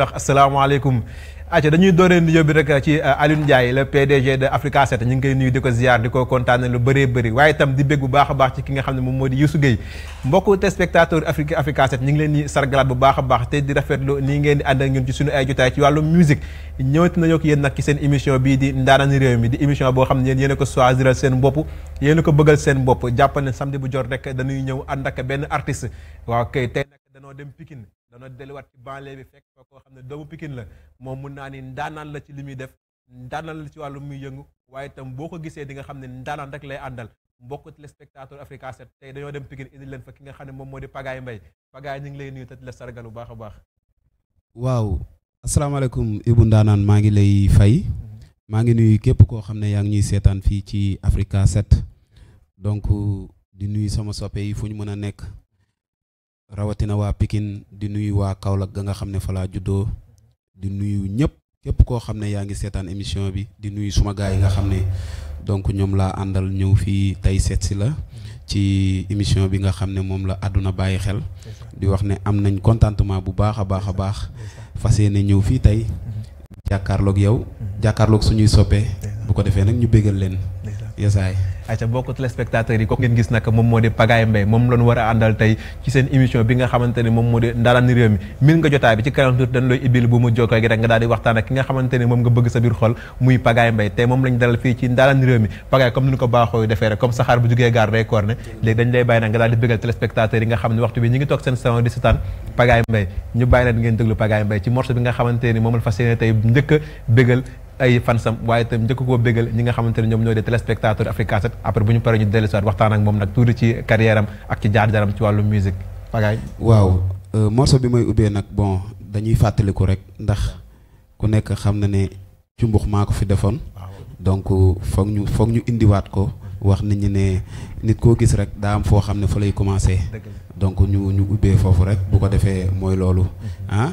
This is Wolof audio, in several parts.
wax asalaamaaleykum aca dañuy dooree nuyoo bi rek ci euh, Alioune Ndiaye le PDG de Africa 7 ñu ngi koy nuyu di ko ziar di ko kontaane lu bëree bëri waaye itam di bég bu baax a baax ci ki nga xam ne moom moo di Youssou Gueye mbokku téléspectateur Afrique Africa 7 ñu ngi leen di sargalaat bu baax baax te di rafetlu nii ngeen di ànd ak ñun ci suñu ay jotaay ci wàllu musique ñëwati nañoo ak yéen nag ci seen émission bii di ndaanaan réew mi di émission boo xam ne yéen yéen a ko choisiral seen bopp yéen ko bëggal seen bopp jàpp ne samedi bu jot rek dañuy ñëw ànd ak benn artiste danoo dem Pikine danoo delluwaat ci banlieue bi fekk fa koo xam ne doomu Pikine la moom mun naa ni ndaanaan la ci li muy def ndaanaan la ci wàllu muy yëngu waaye tam boo ko gisee di nga xam ne ndaanaan rek lay àndal mbokk téléspectateur Africa 7 tey dañoo dem Pikine indi leen fa ki nga xam ne moom moo di Pagaye Mbaye Pagaye ñu ngi lay nuyu te di sargal bu baax a baax waaw asalaamaaleykum Ibou Ndaanaan maa ngi lay fay mm-hmm. maa ngi nuyu képp koo xam ne yaa ngi ñuy seetaan fii ci Africa 7 donc di nuyu sama soppe yi fu ñu mën a nekk rawatina waa Pikine di nuyu waa Kaolack ga nga xam ne falaa laa juddoo di nuyu ñëpp képp koo xam ne yaa ngi seetaan émission bi di nuyu suma gars yi nga xam ne donc ñoom laa àndal ñëw fii tey seet si la ci émission bi nga xam ne moom la àdduna bàyyi xel di wax ne am nañ contentement bu baax a baax a baax fas yéene ñëw fii tey jàkkaarloog yow su ñuy soppee bu ko defee nag ñu bégal leen yesaay ayca bokk téléspectateurs yi ko ngeen gis nag moom moo di Pagaye Mbaye moom lañu war a àndal tey ci seen émission bi nga xamante ni moom la fas yéene tey njëkk bëggal ay fansam waaye tam njëkk koo bégal ñi nga xamante ne ñoom ñoo di téléspectateur Africa 7 après bu ñu paree ñu dellusiwaat waxtaan ak moom nag tuuti ci carrière ak ci jaar-jaaram ci wàllu musique pagaay waaw euh, morceau bi may ubbee nag bon dañuy fàttaliku rek ndax ku nekk xam na ne cumbux maa ko fi defoon donc euh, foog ñu foog ñu indiwaat ko wax nit ñi ne nit koo gis rek daa am foo xam ne fa lay commencer donc ñu ñu ubbee foofu rek bu ko defee mooy loolu mm-hmm. ah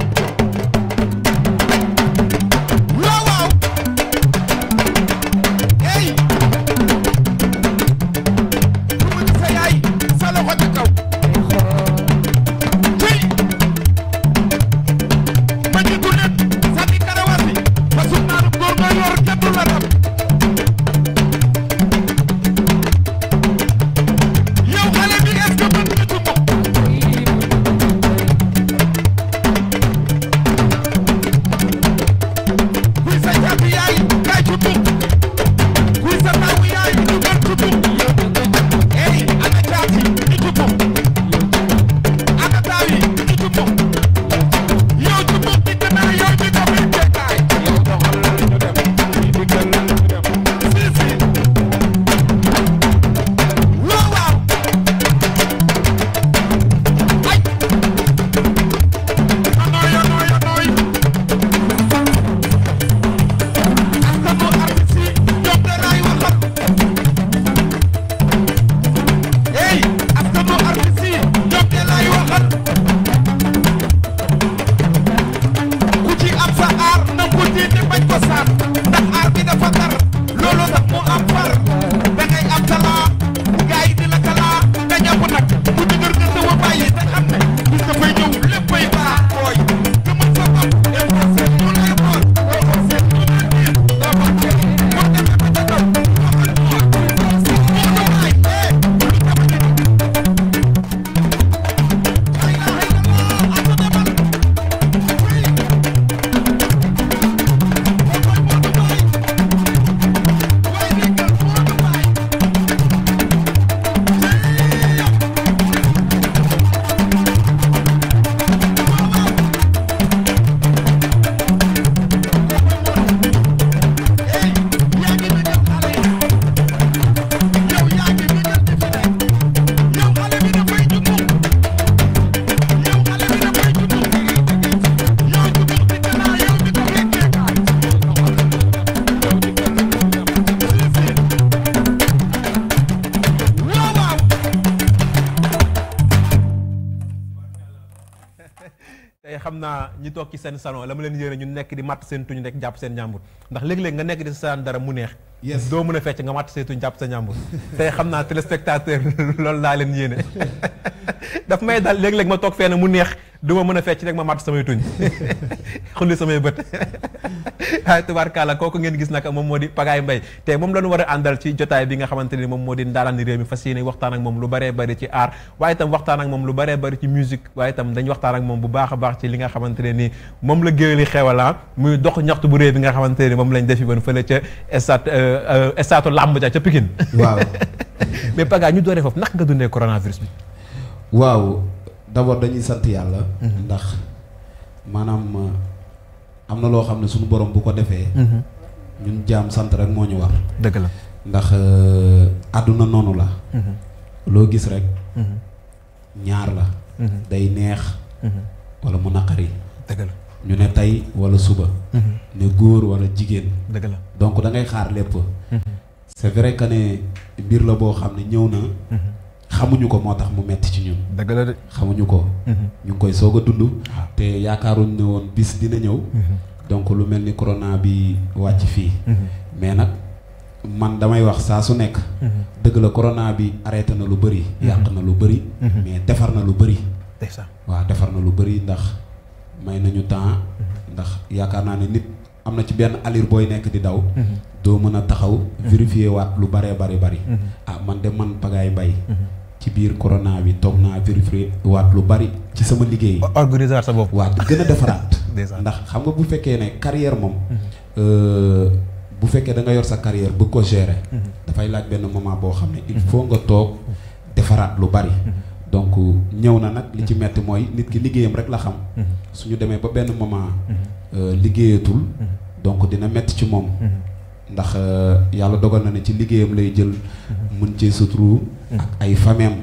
ci seen salon la ma leen yéene ñu nekk di matt seen tuñ rek jàpp seen njàmbur ndax léeg-léeg nga nekk di saan dara mu neex yes doo mën a fecc nga matt seen tuñ jàpp sa njàmbur tey xam naa téléspectateur loolu laa leen yéene daf may daal léeg-léeg ma toog fenn mu neex du ma mën a fecc rek ma matt samay tuñ xulli samay bët waaye tubaarkàlla kooku ngeen gis nag moom moo di pagaay mbay te moom la ñu war a àndal ci jotaay bi nga xamante ni moom moo di ndaanaan mi fas yéene waxtaan ak moom lu bëree bëri ci art waaye itam waxtaan moom lu bëree bëri ci musique waaye itam dañ waxtaan ak moom bu baax a baax nga xamante ne ni moom la géwél yi laa ah, muy dox ñaxtu bu réew bi nga xamante ne moom lañ defi woon fële ca stade stade làmb ja ca Pikine waaw mais ñu dooree foofu nak nga dundee coronavirus bi waaw d'abord dañuy sant yàlla. Mm-hmm. ndax maanaam euh, am na loo xam ne suñu borom bu ko defee. Mm-hmm. ñun jaam sant rek moo ñu wax dëgg la ndax euh, àdduna noonu la. Mm-hmm. loo gis rek. ñaar la. day neex. walla mu naqari. dëgg ñu ne tey walla suba. ne góor wala jigéen. dëgg la donc da ngay xaar lépp. c'est vrai que ne mbir la boo xam ne ñëw na. xamuñu ko moo tax mu metti ci ñun. dëgg xamuñu ko. Mhm. ñu ngi koy soog a dund. Ah. te yaakaaruñ ne woon bis dina ñëw. Mhm. donc lu mel ni corona bi wàcc fii. Mhm. mais nag man damay wax saa su nekk. dëgg la corona bi arrêté na lu bëri. yàq na lu bëri. mais defar na lu bëri. waaw defar na lu bëri ndax may nañu temps. ndax yaakaar naa ne nit am na ci benn alir booy nekk di daw. doo mën a taxaw. vérifier waat lu baree bari bari. ah man dem man pagaay bay ci biir corona bi toog naa vérifié waat lu bari ci sama liggéey. organiser waat sa bopp. waat gën a defaraat. ndax xam nga bu fekkee ne carrière moom. Mhm. Euh, bu fekkee danga yor sa carrière bëgg ko gérer. Mhm. dafay laaj benn moment boo xam ne. il mhm. faut nga toog defaraat lu bari. donc ñëw na nag li ci metti mooy nit ki liggéeyam rek la xam. su ñu demee ba benn moment. Euh, liggéeyatul. donc dina metti ci moom. ndax euh, yàlla dogal na ne ci liggéeyam lay jël mun ci suturu ak ay fameem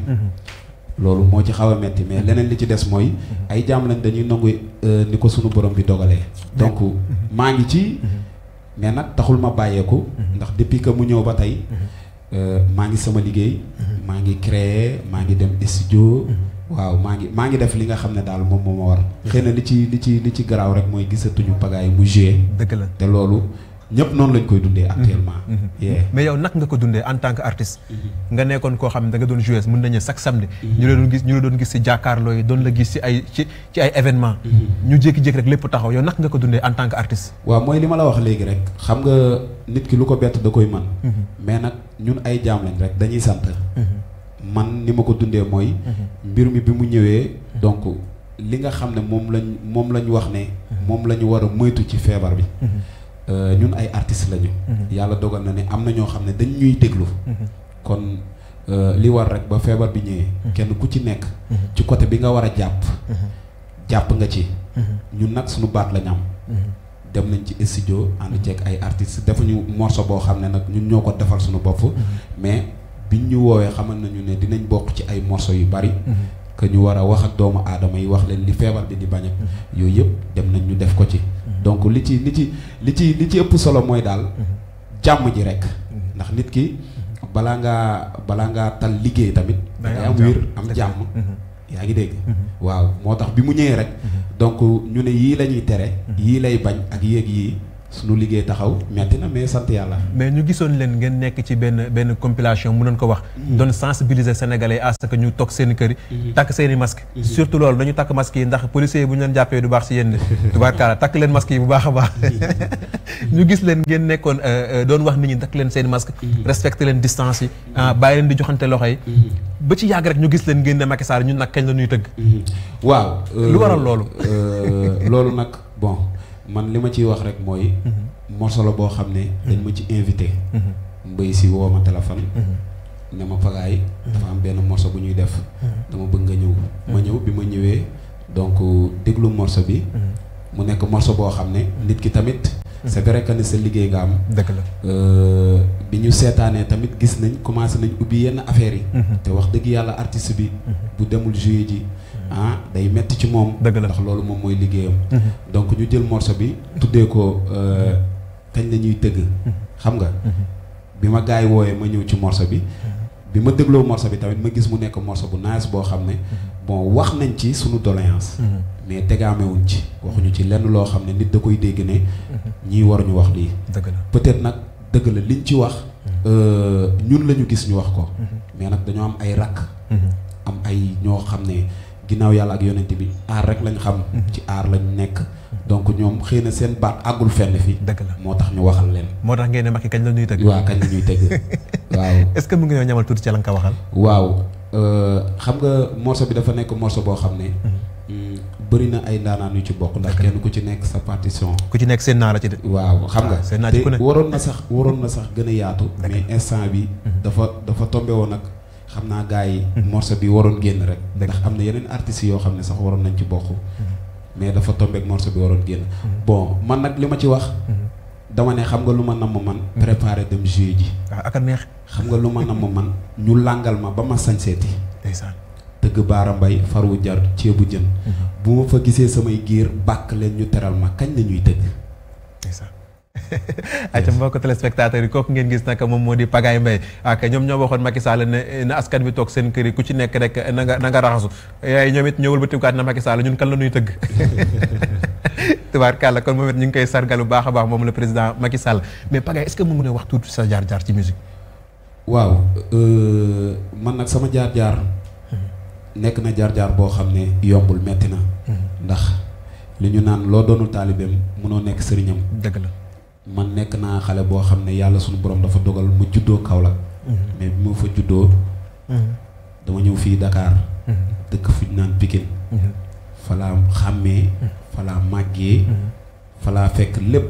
loolu moo ci xaw a metti mais leneen li ci des mooy ay jaam lañ dañuy nangu euh, ni ko sunu borom bi dogalee donc mm-hmm. maa ngi ci mm-hmm. mais nag taxul ma bàyyeeku mm-hmm. ndax depuis que mu ñëw ba tey euh, maa ngi sama liggéey maa ngi créer maa ngi dem studio waaw maa ngi maa ngi def li nga xam ne daal moom moo ma war xëy na li ci li ci li ci garaaw rek mooy gisatuñu pagaay mu joué dëgg te loolu ñépp noonu lañ koy dundee actuellement. Mm-hmm. Mm-hmm. mais yow nak nga ko dundee en tant que artiste. Mm-hmm. nga nekkoon koo xam ne da nga doon joué mën nañu chaque samedi. ñu la doon gis ñu la doon si jàkkaarloo yi doon la gis si ay ci ci ay événement ñu jékki-jékki rek lépp taxaw yow nak nga ko dundee en tant que artiste. waaw mooy li ma la wax léegi rek. xam nga nit ki lu ko bett da koy man mais nag ñun ay jaam lañ rek dañuy sant. man ni ma ko dundee mooy. mbir mi bi mu ñëwee donc. li nga xam ne moom lañ moom lañ wax ne moom la ñu war a moytu ci feebar bi Euh, ñun ay artistes lañu. Mhm. yàlla dogal na ni am na ñoo xam ne dañ ñuy déglu. Mhm. kon euh, li war rek ba feebar bi ñëwee. Mhm. kenn ku ci nekk. ci côté bi nga war a jàpp. jàpp nga ci. ñun nag suñu baat lañ am. dem nañ ci studio ànd ceeg ay artistes defuñu morceau boo xam ne nag ñun ñoo ko defal suñu bopp. mais biñ ñu woowee xamal nañu ne dinañ bokk ci ay morceau yu bari. que ñu war a wax ak doomu aadama yi wax leen li feebar bi di bañ ak. yooyu yëpp dem nañ ñu def ko ci. donc li ci li ci li ci li ci ëpp solo mooy daal mhm. jàmm ji rek mhm. ndax nit ki mhm. balaa ngaa balaa ngaa tal liggéey tamit dangay am wér am jàmm yaa ngi dégg waaw moo tax bi mu ñëwee rek donc ñu ne yii la ñuy tere yii lay bañ ak yéeg yii su suñu liggéey taxaw metti na mais sant yàlla. mais ñu gisoon leen ngeen nekk ci benn benn compilation mu doon ko wax. Mm-hmm. doon sensibiliser sénégalais à ce que ñu toog seen kër yi. Mm-hmm. takk seen i masques. Mm-hmm. surtout loolu nañu yi ndax bu ñu leen jàppee du baax si yéen. tubaarkaala leen masques yi bu baax ñu gis leen ngeen nekkoon euh, euh, doon wax nit ñi takk leen seen i masques. respecté leen distance yi. Ah, bàyyi leen di joxante loxo yi. ba ci yàgg rek ñu gis leen ngeen ne Macky Sall ñun nag kañ la ñuy tëgg. waaw euh, lu waral loolu. loolu nag bon. man li ma ciy wax rek mooy. Mhm. morceau la boo xam ne. Mhm. dañ ma ci invité. Mhm. mbay si woo ma téléphone. ne ma pagaay dafa am benn morceau bu ñuy def. dama bëgg nga ñëw. ma ñëw bi ma ñëwee donc déglu morceau bi. mu nekk morceau boo xam ne nit ki tamit. c'est vrai que ni sa liggéey nga am. dëgg la euh, bi ñu seetaanee tamit gis nañ commencé nañ ubbi yenn affaires yi. te wax dëgg yàlla artiste bi. bu demul jouer ji. ah day metti ci moom. dëgg la ndax loolu moom mooy liggéeyam. Mhm. donc ñu jël morceau bi. tuddee ko euh, kañ la ñuy tëgg. Mhm. xam nga. Mhm. bi ma gaay wooyee ma ñëw ci morceau bi. bi ma dégloo morceau bi tamit ma gis mu nekk morceau bu nice boo xam ne. bon wax nañ ci sunu doléance. mais tegaamewuñ ci. waxuñu ci lenn loo xam ne nit da koy dégg ne. ñii waruñu wax lii. dëgg la peut-être nag dëgg la liñ ci wax. Euh, ñun la ñu gis ñu wax ko. mais nag dañoo am ay rakk. am ay ñoo xam ne. ginnaaw yàlla ak yonent bi aar rek lañ xam. Mhm. ci aar lañ nekk. donc ñoom xëy na seen baat àggul fenn fii. dëgg la moo tax ñu waxal leen. moo tax ngeen ne Macky kañ la ñuy tëgg. waaw kañ la ñuy tëgg waaw. que mu ngi ñëw ñamal tuuti ci la nga ko waaw euh, xam nga morceau bi dafa nekk morceau boo xam ne. Mhm. Mm, bëri na ay ndaanaan yu ci bokk. ndax kenn ku ci nekk sa partition. ku ci nekk seen naar la ci de. waaw xam nga ah, seen naa ci ku ne waroon na sax waroon na sax gën a yaatu. mais instant bi mhm. dafa dafa tombé woon ak. xam naa gars yi morceau bi waroon génn rek ndax am na yeneen artistes yoo xam ne sax waroon nañ ci bokk mhm. mais dafa tombeek morceau bi waroon génn mhm. bon man nag li ma ci wax mhm. dama ne xam nga lu ma namm man préparer dem jeu ji ah, ak a xam nga lu ma namm man ñu làngal ma ba ma sañseeti ndeysaan tëgg baara mbay wu jar ceebu jën bu ma fa gisee samay giir bàkk leen ñu teral ma kañ la ñuy tëgg ayca mbokk téléspectateurs yi kooku ngeen gis nag moom moo di Pagaye Mbaye ak ñoom ñoo waxoon Macky Sall ne na askan bi toog seen kër yi ku ci nekk rek na nga na nga raxasu yaay ñoom it ñëwul ba tibkaat na Macky Sall ñun kan la nuy tëgg tubaarkàlla kon moom it ñu ngi koy sargal bu baax a baax moom la président Macky Sall mais Pagaye est-ce que mu mën a wax tuuti sa jaar-jaar ci musique waaw euh, man nag sama jaar-jaar nekk na jaar-jaar boo xam ne yombul metti na hmm. ndax li ñu naan loo doonul taalibeem mënoo nekk sëriñam dëgg la man nekk naa xale boo xam ne yàlla suñu borom dafa dogal mu juddoo Kaolack mhm. mais bi ma fa juddoo mhm. dama ñëw fii Dakar mhm. dëkk fu ñu naan Pikine falaa xàmmee falaam màggee falaa fekk lépp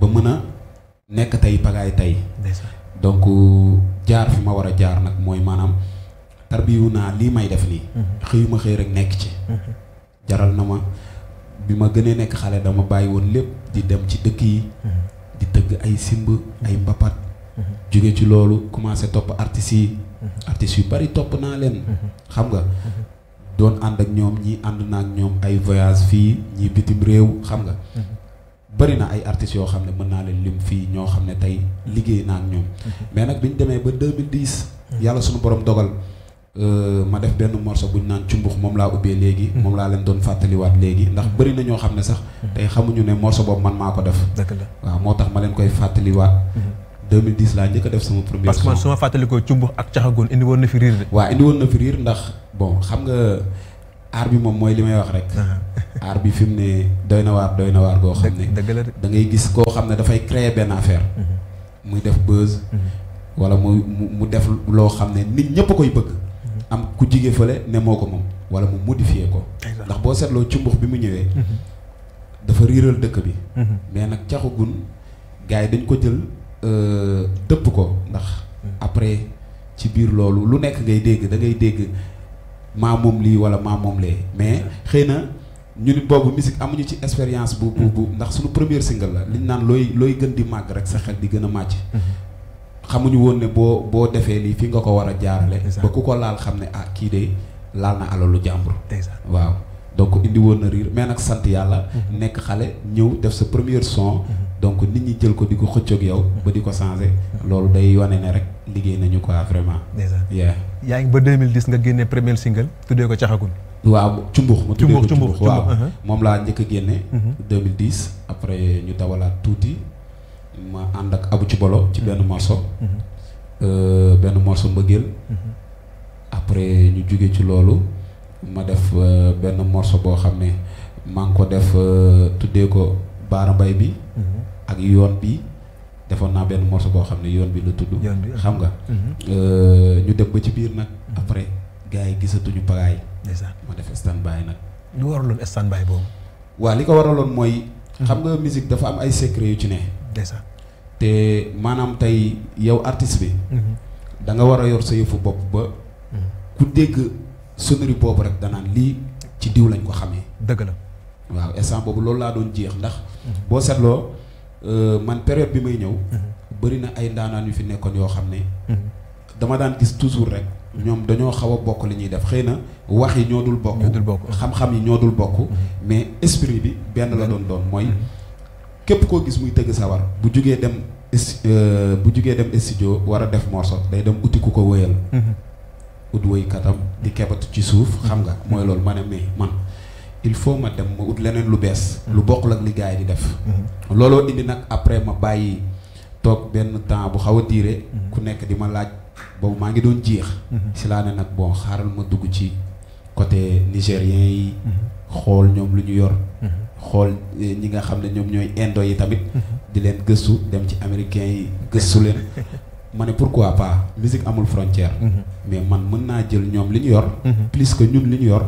ba mën a nekk tey pagaay tey donc jaar fi ma war a jaar nag mooy maanaam tarbiyu naa lii may def nii xëyuma xëy rek nekk ci jaral na ma bi ma gënee nekk xale dama bàyyi woon lépp di dem ci dëkk yi mhm. di tëgg ay simb mhm. ay mbapat mhm. jóge ci loolu commencé topp artistes yi artistes yu bari topp naa leen xam nga doon ànd ak ñoom ñii ànd naa ak ñoom ay voyage fii ñii bitim réew xam nga bari na ay artistes yoo xam ne mën naa leen lim fii ñoo xam ne tey liggéey naa ak ñoom mais nag bi ñu demee ba 2010 yàlla suñu borom dogal Euh, ma def benn morceau bu ñu naan cumbux moom laa ubbee léegi. Mm-hmm. moom laa leen doon fàttaliwaat léegi ndax mm-hmm. bëri na ñoo xam ne sax. Mm-hmm. tey xamuñu ne morceau boobu man maa ko def. dëgg la waaw moo tax ma leen koy fàttaliwaat. 2010 laa njëkk def sama première. parce que man su ma fàttalikoo cumbux ak caxagoon indi na fi waa de. waaw na fi riir ndax bon xam nga aar bi moom mooy li may wax rek. aar bi fi mu ne doy na waar doy na waar goo xam ne. dëgg da ngay gis koo xam ne dafay créer benn affaire. muy def buzz. wala mu mu def loo xam ne nit ñëpp koy bëgg. am ku jige fële ne moo ko moom wala mu modifier ko ndax boo seetloo ci mbux bi mu ñëwee mhm. dafa riiral dëkk bi mhm. mais nag caxu gun gars yi dañ ko jël euh, dëpp ko ndax mhm. après ci biir loolu lu nekk ngay dégg da ngay dégg maa moom lii wala maa moom lee mais xëy na ñu ni boobu musique amuñu ci expérience bu bu bu ndax suñu première single la li ñu naan looy looy gën di màgg rek sa xel di gën a màcc xamuñu woon ne boo boo defee lii fi nga ko war a jaarale. ba ku ko laal xam ne ah kii de laal na alalu jàmbur. waaw donc indi woon na riir mais nag sant yàlla. Mhm. nekk xale ñëw def sa première son. Mhm. donc nit ñi jël ko di ko xëccoog yow. Mhm. ba di ko changé. loolu day wane ne rek liggéey nañu ko quoi vraiment. yeah yaa ngi ba 2010 nga génne premier single tuddee ko caxagul. waaw cumbux ma tuddee ko cumbux waaw uh-huh. moom laa njëkk a génne. 2010 après ñu dawalaat tuuti. ma ànd ak Abu ci bolo ci benn mhm. morceau. Mhm. benn morceau mbëggeel. Mhm. après ñu jóge ci loolu ma def euh, benn morceau boo xam ne maa ngi ko def euh, tuddee ko baara mbay bi. ak yoon bi defoon naa benn morceau boo xam ne yoon bi lu tudd. xam nga. Euh, ñu def ba ci biir nag après gars yi gisatuñu pagaay. ma def stand by nag. lu waraloon stand by boobu. waaw li ko waraloon mooy. xam nga musique dafa am ay secret yu ci ne. ndeysaan te maanaam tey yow artiste bi. Mhm. da nga war a yor sa yëfu bopp ba. Mhm. ku dégg sonnerie boobu rek danaan lii ci diw lañ ko xamee. dëgg la waaw instant boobu loolu laa doon jeex ndax. Mhm. boo seetloo euh, man période bi may ñëw. bëri na ay ndaanaan yu fi nekkoon yoo xam ne. dama daan gis toujours rek. ñoom dañoo xaw bokk li ñuy def xëy na wax yi ñoo bokk. ñoo dul bokk xam-xam yi ñoo dul bokk. mais esprit bi benn la doon doon mooy. képp koo gis muy tëgg sawar bu jugee dem euh, bu jugee dem studio war a def morceau day dem uti ku ko wëyal mhm. ut wëykatam di kebatu ci suuf xam nga mooy loolu ma ne mais man il faut ma dem ma ut leneen lu bees mhm. lu bokkul ak li gars di def mhm. looloo indi nag après ma bàyyi toog benn temps bu xaw a diire ku nekk di ma laaj boobu maa ngi doon jeex si laa ne nag bon xaaral ma dugg ci côté nigérien yi xool ñoom lu ñu yor xool eh, ñi nga xam ne ñoom ñooy indo yi tamit mm-hmm. di leen gëstu dem ci américains yi gëstu leen ma ne pourquoi pas musique amul frontière mm-hmm. mais man mën naa jël ñoom li ñu yor mm-hmm. plus que ñun li ñu yor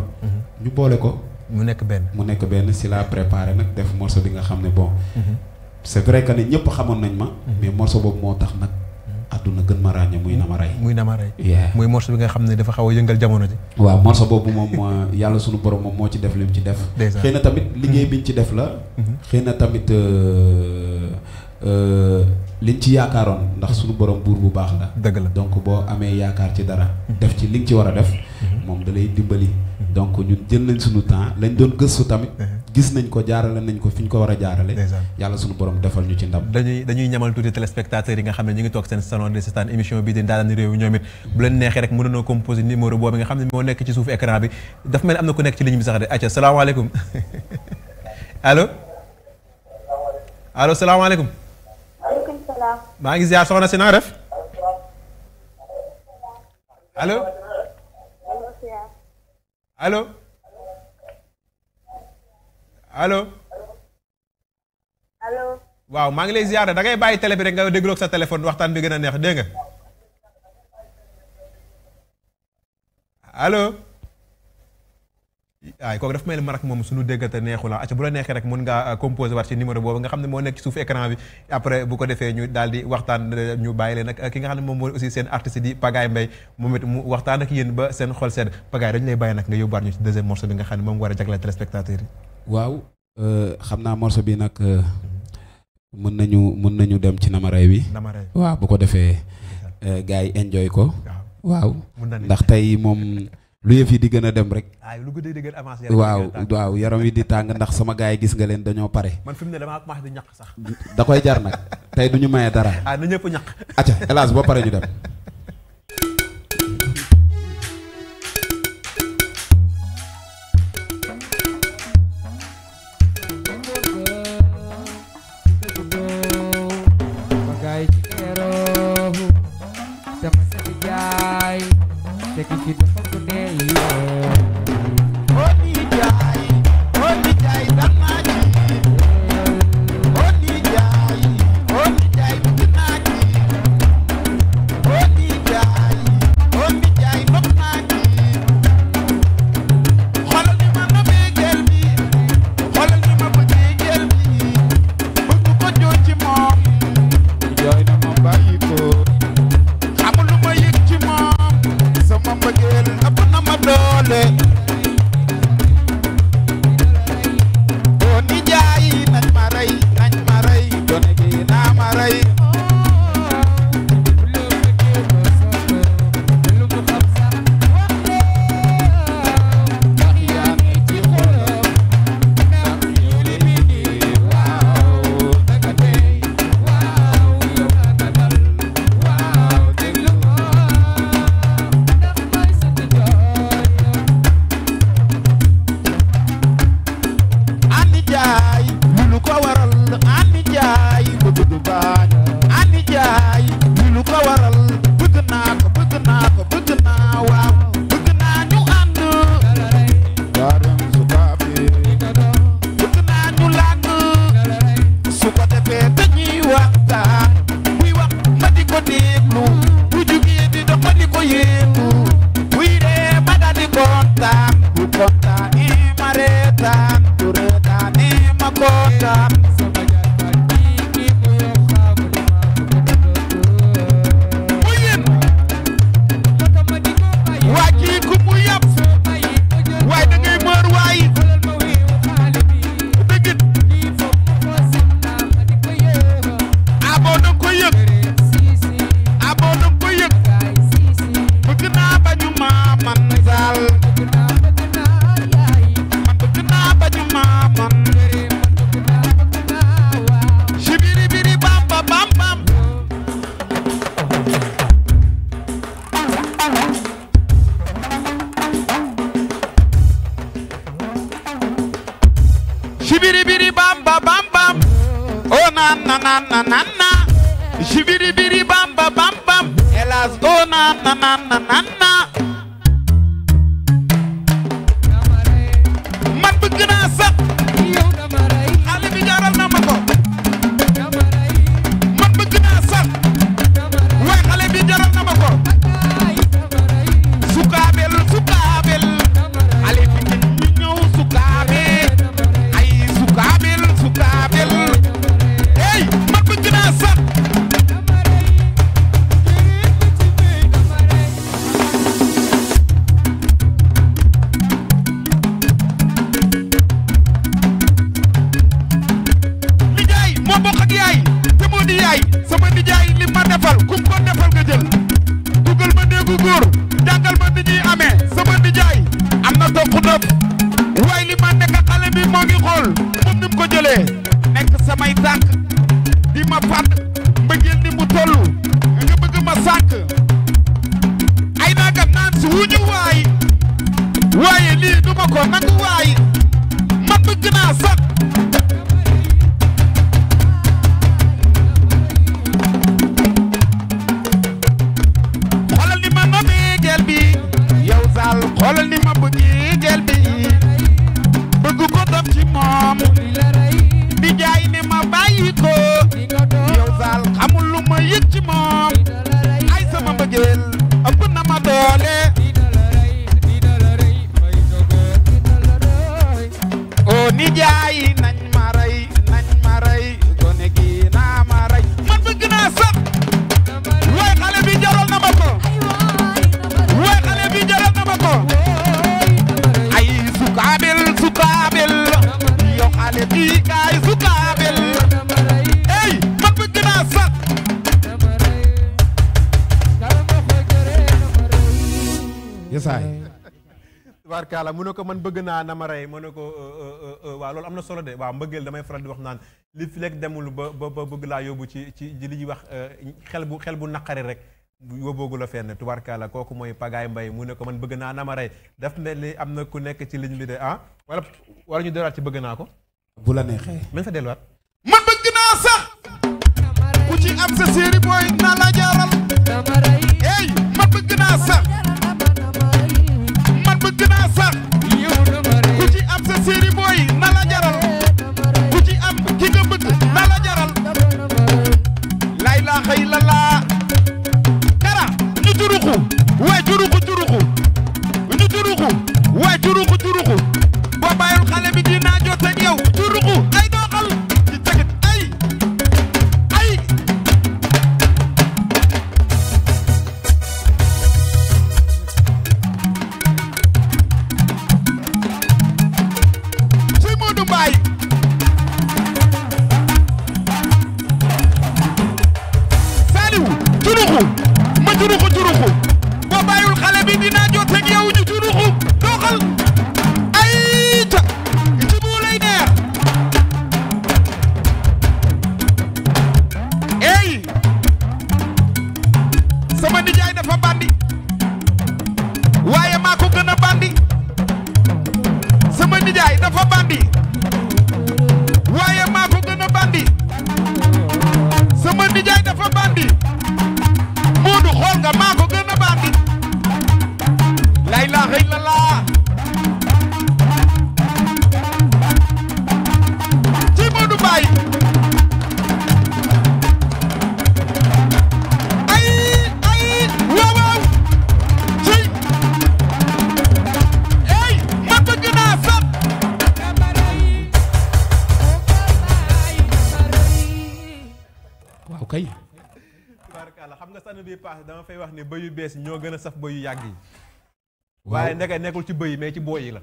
ñu boole ko mu nekk benn mu nekk benn si laa préparé nag def morceau bi nga xam ne bon c'est vrai que ne ñëpp xamoon nañ ma mais morceau boobu moo tax nag àdduna gën ma ràññee muy nama rey muy nama rey muy morceau bi nga xam ne dafa xaw a yëngal jamono ji waaw morceau boobu moom euh, yàlla sunu borom moom moo ci def lim ci def xëy na tamit liggéey biñ ci def la mhm. xëy na tamit euh, euh, liñ ci yaakaaroon ndax mhm. suñu borom buur bu baax la. dëgg la donc boo amee yaakaar ci dara. Mhm. def ci li nga ci war a def. Mhm. moom da lay dimbali. donc ñun jël nañ sunu temps lañ doon gëstu tamit. gis nañ ko jaarale nañ ko fi ñu ko war a jaarale. yàlla suñu borom defal ñu ci ndam. dañuy dañuy ñamal tuuti téléspectateurs yi nga xam ne ñu ngi toog seen salon de seetaan émission bii di Ndaanaan Réew ñoom it bu leen neexee rek mënoonoo composé numéro boobu nga xam ne moo nekk ci suuf écran bi dafa mel am na maa ngi ziar soxna si naa def allo allo waaw maa ngi lay ziar da ngay bàyyi télé bi rek nga déglu ak sa téléphone waxtaan bi gën a neex dégg nga allo waaye kooku dafa mel ni man ak moom suñu déggante neexu la acca bu la neexee rek mën ngaa euh, composé waat ci numéro boobu nga xam ne moo nekk ci suuf écran bi après bu ko defee ñu euh, euh, xam ne moom moo aussi seen artiste di Pagaye Mbaye moom it mu waxtaan ci deuxième bi nga xam ne moom war a yi waaw xam naa ko defee gars yi enjoy ko waaw ndax tey moom lu yëf yi di gën a dem rek. Ah, lu guddee di gën avancé. waaw waaw yaram wi di tàng ndax sama gars yi gis nga leen dañoo pare. man fi mu ne ñaq sax. da koy jar nag tey du ñu maye dara. ah na ñëpp ñaq. acca hélas ba pare ñu dem. you are. ci moom di jaay ne ma bàyyi ko yow daal xamul lu ma yëg ci moom tubaarkaala mu ne ko man bëgg naa na ma rey ne ko euh, euh, euh, waaw loolu am na solo de waaw mbëggeel damay faral di wax naan li fi demul ba ba bëgg laa yóbbu ci ci li ñuy wax xel bu xel bu naqari rek yóbboogu la fenn tubaarkaala kooku mooy pagaay mbay mu ne ko man bëgg naa na def rey daf am na ku nekk ci ligne bi de ah wala wala ñu delluwaat ci bëgg naa ko. bu la neexee. mën delluwaat. man bëgg naa sax. dinaa sax ku ci am sa séeri booy na la jaral ku ci am ki nga bëgg na la jaral la ilaha illallah kay. tubaarkàlla xam nga sànni bi paase dama fay wax ni bëy bees ñoo gën a saf bëy yu yàgg yi. waaye ndeke nekkul ci bëy yi mais ci booy yi la.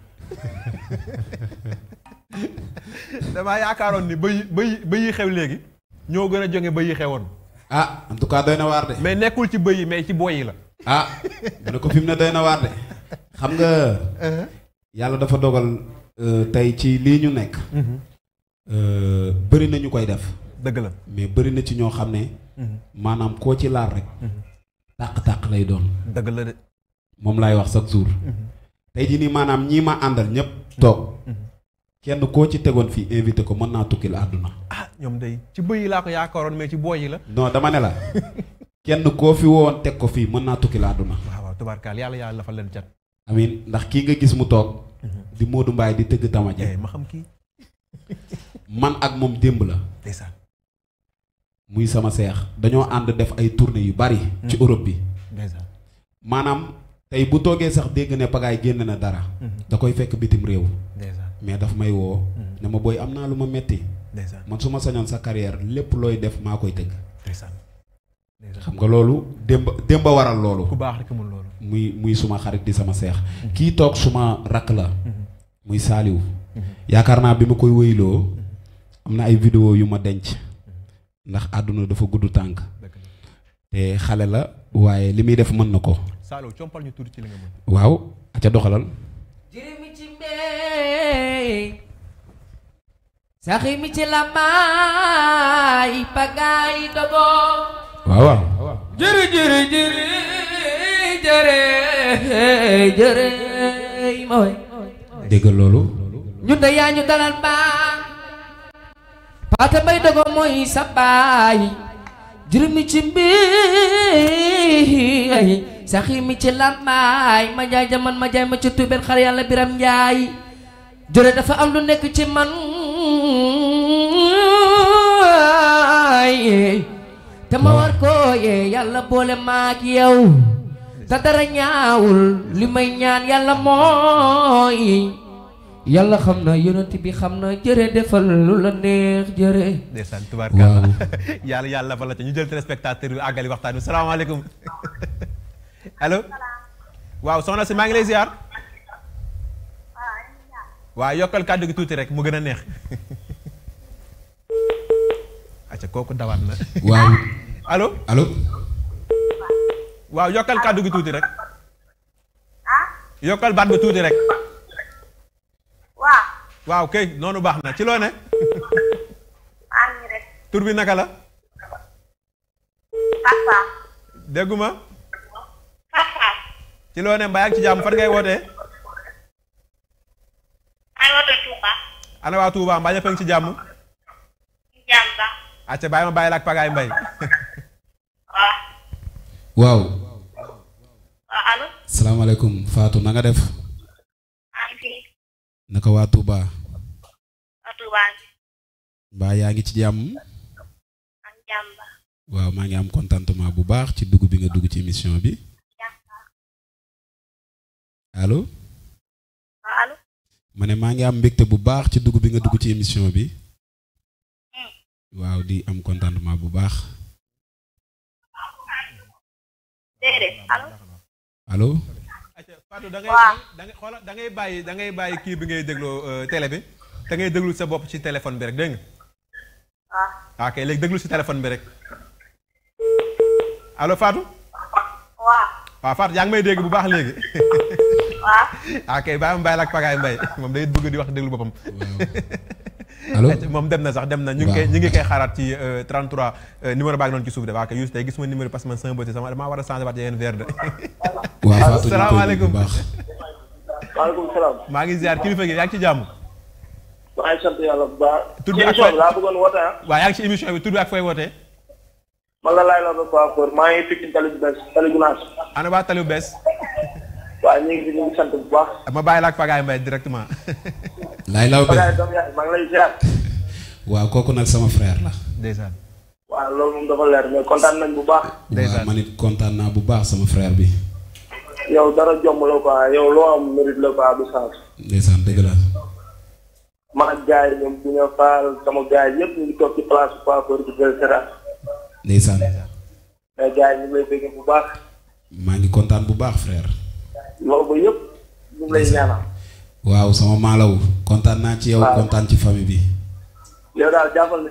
damaa yaakaaroon ni bëy bëy bëy xew léegi. ñoo gën a jonge bëy yi xewoon. ah en tout cas doy na waar mais nekkul ci bëy yi mais ci booy yi la. ah mu ne ko fi ne doy na waar de xam nga. Uh-huh. yàlla dafa dogal euh, tey ci lii ñu nekk. Mm-hmm. Euh, bëri nañu koy def. dëgg la mais bëri na ci ñoo xam ne. Mhm. maanaam koo ci laal rek. Mhm. tàq-tàq lay doon. dëgg moom laay wax chaque jour. Mhm. tey jii nii maanaam ñii ma àndal ñëpp toog. kenn koo ci tegoon fii invité ko mën naa tukki la àdduna. ah ñoom ci bëy yi laa ko ci booy yi la. non dama ne la kenn koo fi woon teg ko fii mën naa tukki la àdduna. waaw waaw tubaarkaal yàlla yàlla dafa leen cat. amiin ndax kii nga gis mu toog. di Modou mbaay di tëgg tama ja eh, ma xam kii. man ak moom démb la. muy sama seex dañoo ànd def ay tournée yu bari. Hmm. ci Europe bi. maanaam tey bu toogee sax dégg ne pagaay génn na dara. Hmm. da koy fekk bitim réew. mais dafa may woo. Hmm. ne ma booy am naa lu ma metti man su ma sañoon sa carrière lépp looy def maa koy tëgg. xam nga loolu démb démb waral loolu. ku baax rek amul loolu. muy muy suma xarit di sama seex. kii toog suma rakk la. muy saaliw yaakaar naa bi ma koy wéyloo am na ay vidéo yu ma denc. ndax àdduna dafa gudd tànk te xale la waaye li muy def mën na ko Salo compal ñu tudd ci li nga mën waaw a ca doxalal jërëmi ci mbéy saxi mi ci lamaay pagaay dogo waaw waaw jërë jërë jërë jërë jërë mooy déggal loolu ñun de yaa ñu dalal baax paate bay dogo mooy sa baay juróomi ci mbii saxi mi ci làmmaay ma jaay jaman ma jaay ma ci tuubeel xar yàlla biram njaay jore dafa am lu nekk ci man te ma war koo yee yàlla boole maak yow te dara ñaawul li may ñaan yàlla mooy yàlla xam na yonent bi xam na jëre defal lu la neex jëre. ndeysaan tubaarkàlla yàlla yàlla fa la ca ñu jël respectateur bi àggali waxtaan wi salaamaaleykum allo. waaw soxna si maa ngi lay ziar. waaw yokkal kàddu gi tuuti rek mu gën a neex. acca kooku dawaat na. waaw allo allo. waaw yokkal kàddu gi tuuti rek. yokkal baat bi tuuti rek. waaw kay noonu baax na ci loone ne. tur bi naka la. dégguma. ci loo ne mbaa ci jàmm fan ngay wootee. maa ngi wootee Touba. ci jàmm. ba. acca bàyyi ma bàyyi la ak Pagaye Mbaye. waaw. waaw. waaw allo. salaamaaleykum def. naka waa Touba. mbaa yaa ngi ci jàmm. am waaw maa ngi am contentement bu baax ci dugg bi nga dugg ci émission bi. allo. allo. ma ne maa ngi am mbégte bu baax ci dugg bi nga dugg ci émission bi. Hmm. waaw di am contentement bu baax. allo. allo. Fatou da ngay da ngay bàyyi dangay bàyyi kii bi ngay dégloo euh, télé bi te ngay déglu sa bopp ci téléphone bi rek dégg nga. waaw. Ah. Ah, ok léegi déglu si téléphone bi rek. allo Fatou. waaw. waaw yaa ngi may dégg bu baax léegi. waaw. Ah, ok bàyyi ma bàyyi la ak Pagaye moom day bëgg di wax déglu boppam. Eh, moom dem na sax dem na ñu ngi koy ñu ngi koy xaaraat ci 33 euh, euh, numéro baa ngi noonu ci suuf de waa kay Youssou gis ma numéro parce que man sama bëti war a changé waat yeneen verre de waaw Fatou salaamaaleykum waaleykum salaam maa ngi ziar yaa ci jàmm maa bi ak laa bëggoon woote ah. yaa ci émission bi bi ak fooy wootee man la laay la coiffeur ci tali bu bees tali bu naas ana waa tali ma bàyyi la ak Fagaay Mbaye directement laay law be maa lay ziar. waaw kooku nag sama frère la. ndeysaan. waaw loolu moom dafa leer mais kontaan nañ bu baax. ndeysaan waaw kontaan bu baax sama frère bi. yow dara jomb la yow loo am mérite la quoi du sens. ndeysaan dëgg la. man sama gars yëpp ñu ngi toog ci place bu Paafor ci Belserrat. ndeysaan. mais gars yi bu baax. maa ngi kontaan bu baax frère. loolu ba yëpp ñu lay ñaanal. waaw sama maalaw kontaan naa ci yow. kontaan ci famille bi. yow daal jàppal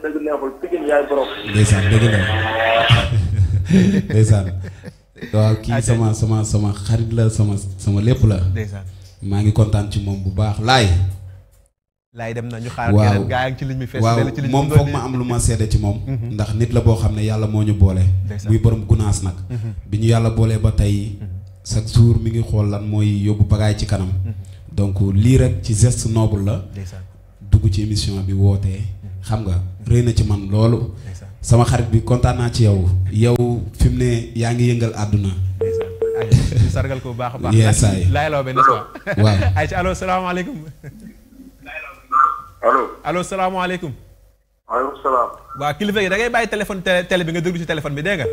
ne waaw kii sama sama xarit la sama sama lépp la. ndeysaan maa ngi kontaan ci moom bu baax laay. laay dem na ñu xaar keneen gaa ngi ci ligne bi waaw moom foog ma am lu ma seede ci moom. Mhm. ndax nit la boo xam ne yàlla moo ñu boole. muy borom gunaas nag. Mhm. bi ñu yàlla boolee ba tey mhm. chaque jour mi ngi xool lan mooy yóbbu bagaay ci kanam. donc lii rek ci geste noble la dugg ci émission bi wootee xam nga rëy na ci man loolu sama xarit bi kontaan naa ci yow yow fi ne yaa ngi yëngal àdduna sargal ko bu baax a baax yeesaay laay law benn waaw ay ci allo salaamaaleykum allo allo salaamaaleykum waaleykum salaam waaw kilifa gi da bàyyi téléphone bi nga déglu ci téléphone bi dégg nga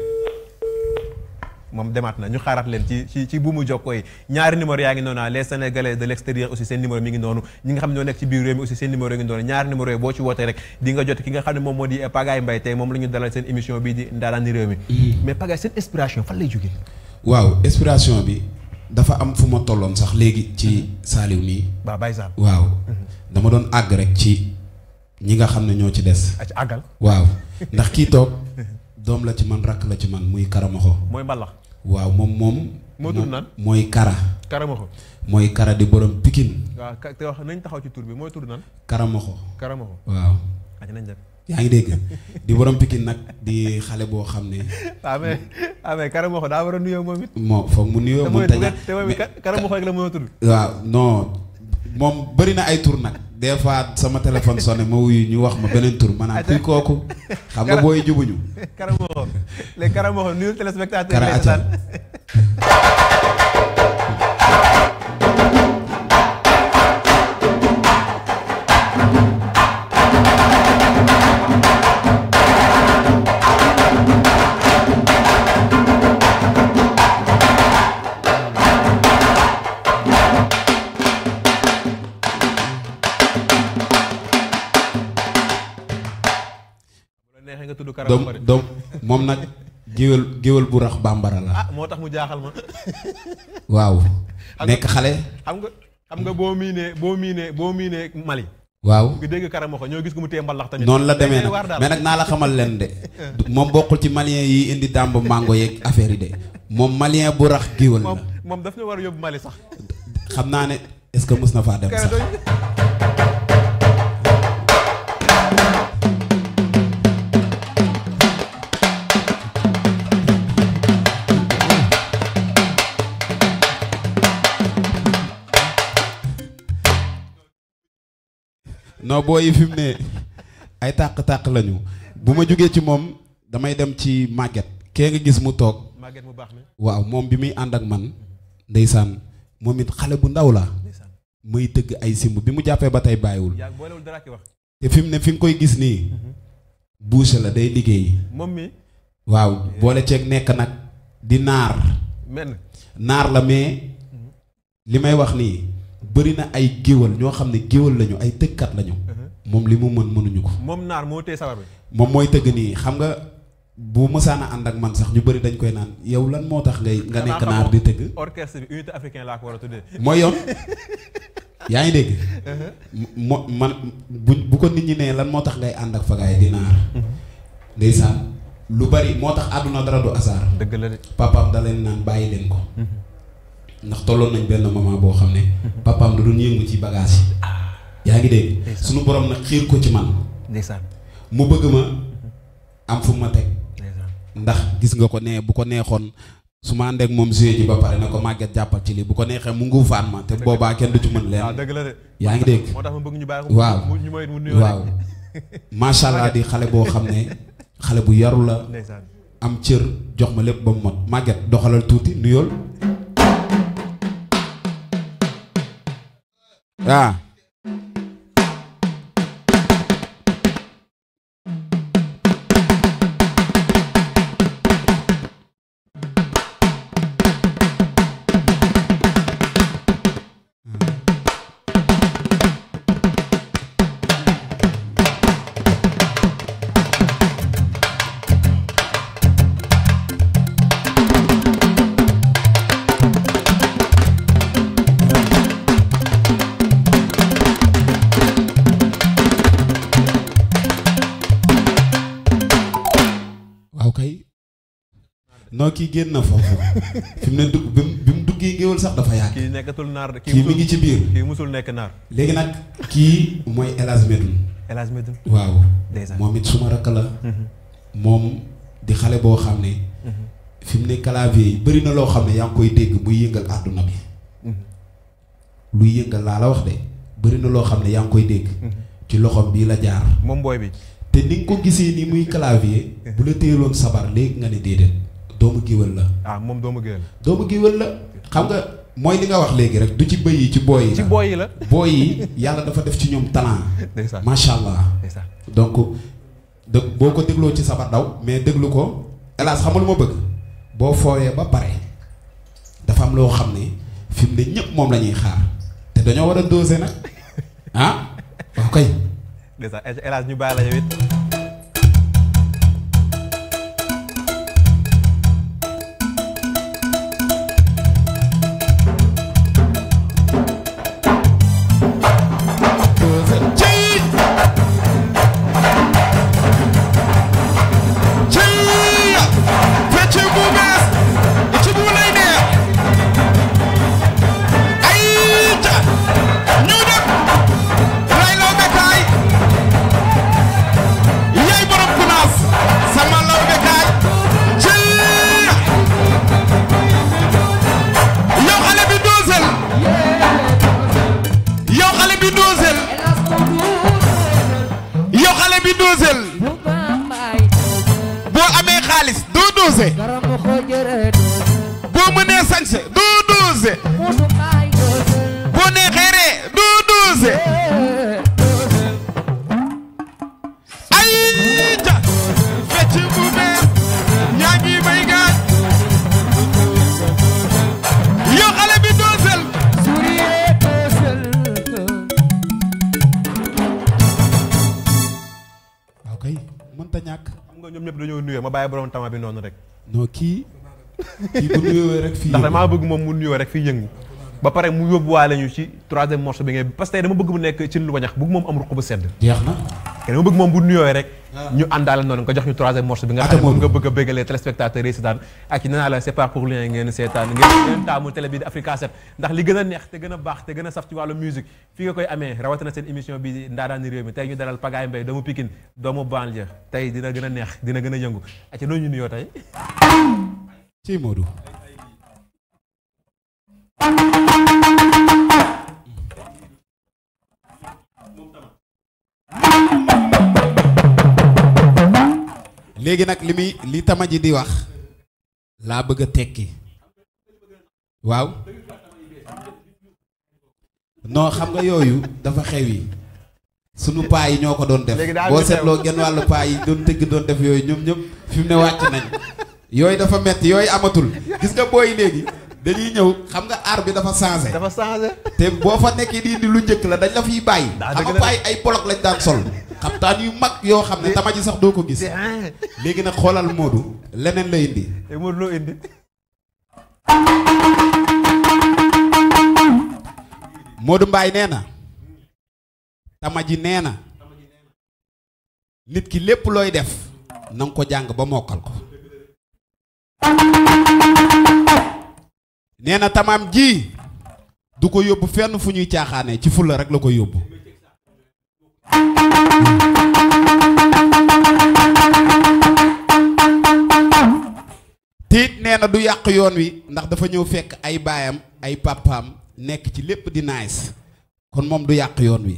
moom demaat na ñu xaaraat leen ci ci ci bu mu jokkoo yi ñaari numéro yaa ngi noonu les sénégalais de l'extérieur aussi seen numéro mi ngi noonu ñi nga xam ne ñoo nekk ci biir réew mi aussi seen numéro yi ngi noonu ñaari numéro yi boo ci wootee rek di nga jot ki nga xam ne moom moo di Pagaye Mbaye tey moom la dalal seen émission bii di ndaanaani réew mi mais Pagaye seen inspiration fan lay jógee waaw inspiration bi dafa am fu ma tolloon sax léegi ci mhm. saaliw nii ba Baye Sall waaw mhm. dama doon àgg rek ci ñi nga xam ne ñoo ci des àggal waaw ndax kii toog doom la ci man rakk la ci man muy karamaxo mooy mbalax waaw moom moom. moo tudd nan mooy Kara. Kara Moxo mooy Kara di borom Pikine. waaw te wax nañ taxaw ci tur bi mooy tudd nan. Kara Moxo. Kara Moxo waaw. yaa ngi dégg di borom Pikine nag di xale boo xam ne. waaw ah, mais waaw ah, daa war a nuyoo moom it. moo foog mu nuyoo. mu taña te mooy rek la mën a tudd. waaw non. moom bëri na ay tur nag des fois sama téléphone sonné ma wuyu ñu wax ma beneen tur maanaam kuy kooku xam nga booy jubuñu. Kara Mboxo léegi Kara Mboxo nuyul téléspectateur. tudd Kara Mbaré donc moom nag géwél géwél bu rax bambara la. Ah, moo tax mu jaaxal ma. waaw. nekk xale. xam nga xam nga boo miinee boo miinee boo miinee Mali. waaw nga dégg Karamoxo ñoo gis ko mu téye mbalax noonu la demee nag mais nag naa la xamal leen de moom bokkul ci malien yi indi dàmb mango yeeg affaire yi de moom malien bu rax géwél la. moom moom daf war a yóbbu Mali sax. xam naa ne est-ce que mës na faa dem sax. non booy fi mu ne ay tàq-tàq lañu bu ma jógee ci moom damay dem ci màgget kee nga gis mu toog màgget mu baax mi waaw moom bi muy ànd ak man ndeysaan moom it xale bu ndaw la muy tëgg ay simb bi mu jàppee ba tey bàyyiwul te fi mu ne fi nga koy gis nii mhm. bouche la day liggéey moom waaw boole ceeg nekk nag di naar naar la mais mhm. li may wax nii bëri na ay géwal ñoo xam ne géwal lañu ay tëggkat lañu. Uh-huh. moom li mu mën mënuñu ko. moom naar moo tee sabar bi. mooy tëgg nii xam nga bu mësaan ànd ak man sax ñu bëri dañ koy naan yow lan moo tax ngay. nga nekk naar di tëgg. orchestre bi unité africain laa ko war a yoon yaa ngi dégg. Uh-huh. mo man bu bu ko nit ñi nee lan moo tax ngay ànd ak fagaay di naar. Uh-huh. ndeysaan lu bari moo tax àdduna dara du asaar. dëgg la de papaam da leen naan bàyyi leen ko. ndax tolloon nañ benn moment boo xam ne papaam da doon yëngu ci bagage yi yaa ngi dégg suñu borom nag xiir ko ci man mu bëgg ma am fu ma teg ndax gis nga ko ne bu ko neexoon su ma àndeek moom su ji ba pare na ko màgget jàppal ci lii bu ko neexee mu nguufaan ma te boobaa kenn du ci mën leen ah, yaa ngi dégg waaw waaw macha allah di xale boo xam ne xale bu yaru la am cër jox ma lépp ba mu mot màgget doxalal tuuti nuyool waaw génn na foofu fi ne dugg bi mu duggee ngéwal sax dafa yàgg. kii nekkatul naar de kii mi ngi ci biir. kii musul nekk naar. léegi nag kii mooy El Hadj Medoune. El Hadj Medoune waaw. moom it suma rakk la. Mhm. moom di xale boo xam ne. Mhm. fi mu ne clavier yi bëri na loo xam ne yaa ngi koy dégg muy yëngal àdduna bi. Mhm. luy yëngal laa la wax de bëri na loo xam ne yaa ngi koy dégg. ci loxo bii la jaar. moom booy bi. te ni nga ko gisee ni muy clavier. bu la téyeloon sabar léegi nga ne déedéet. doomu géwél la. ah moom doomu géwél. doomu géwél la xam nga mooy li nga wax léegi rek du ci bëy yi ci booy yi. ci booy yi la booy yi yàlla dafa def ci ñoom talent. macha allah. donc dë boo ko dégloo ci sabar daw mais déglu ko hélas xamul ma bëgg boo fooyee ba pare dafa am loo xam ne fi mu ne ñëpp moom la ñuy xaar te dañoo war a doser nag ah wax koy. ñu bàyyi la yow damaa bëgg moom mu nuyoo rek fii yëngu ba pare mu yóbbuwaale ñu ci troisième morceau bi ngay parce que dama bëgg mu nekk ci lu wañax bëgg moom am ruq bu sedd. jeex dama bëgg moom bu nuyooy rek. Ah. ñu àndaale noonu nga jox ñu troisième morceau bi. nga xam ne a béggalee téléspectateurs naa la c'est pas pour rien ngeen seetaan ngeen taamu télé bi di Africa 7 ndax li gën a neex te gën a baax te gën a saf ci wàllu musique fii nga koy amee rawatina seen émission bi ndaanaani réew mi tey léegi nag li muy li tama ji di wax laa bëgg a tekki waaw non xam nga yooyu dafa xew yi sunu paa yi ñoo ko doon def boo seetloo genn wàllu paa yi doon tëgg doon def yooyu ñoom ñëpp fi mu ne wàcc nañ yooyu dafa metti yooyu amatul gis nga booy léegi dañuy ñëw xam nga aar bi dafa changé. dafa changé. te boo fa nekkee di indi lu njëkk la dañ la fiy bàyyi. xam nga ay bolok lañ daan sol. xamtaan yu mag yoo xam ne tama ji sax doo ko gis. Ah. léegi nag xoolal Moodu leneen la indi. te Moodu loo indi. Mbaay nee na. tama ji nee na. ki lépp looy def. na ko jàng ba mokkal ko. nee na tamaam ji du ko yóbbu fenn fu ñuy caaxaane ci fulla rek la ko yóbbu tiit nee na du yàq yoon wi ndax dafa ñëw fekk ay baayam ay pàppaam nekk ci lépp di nice kon moom du yàq yoon wi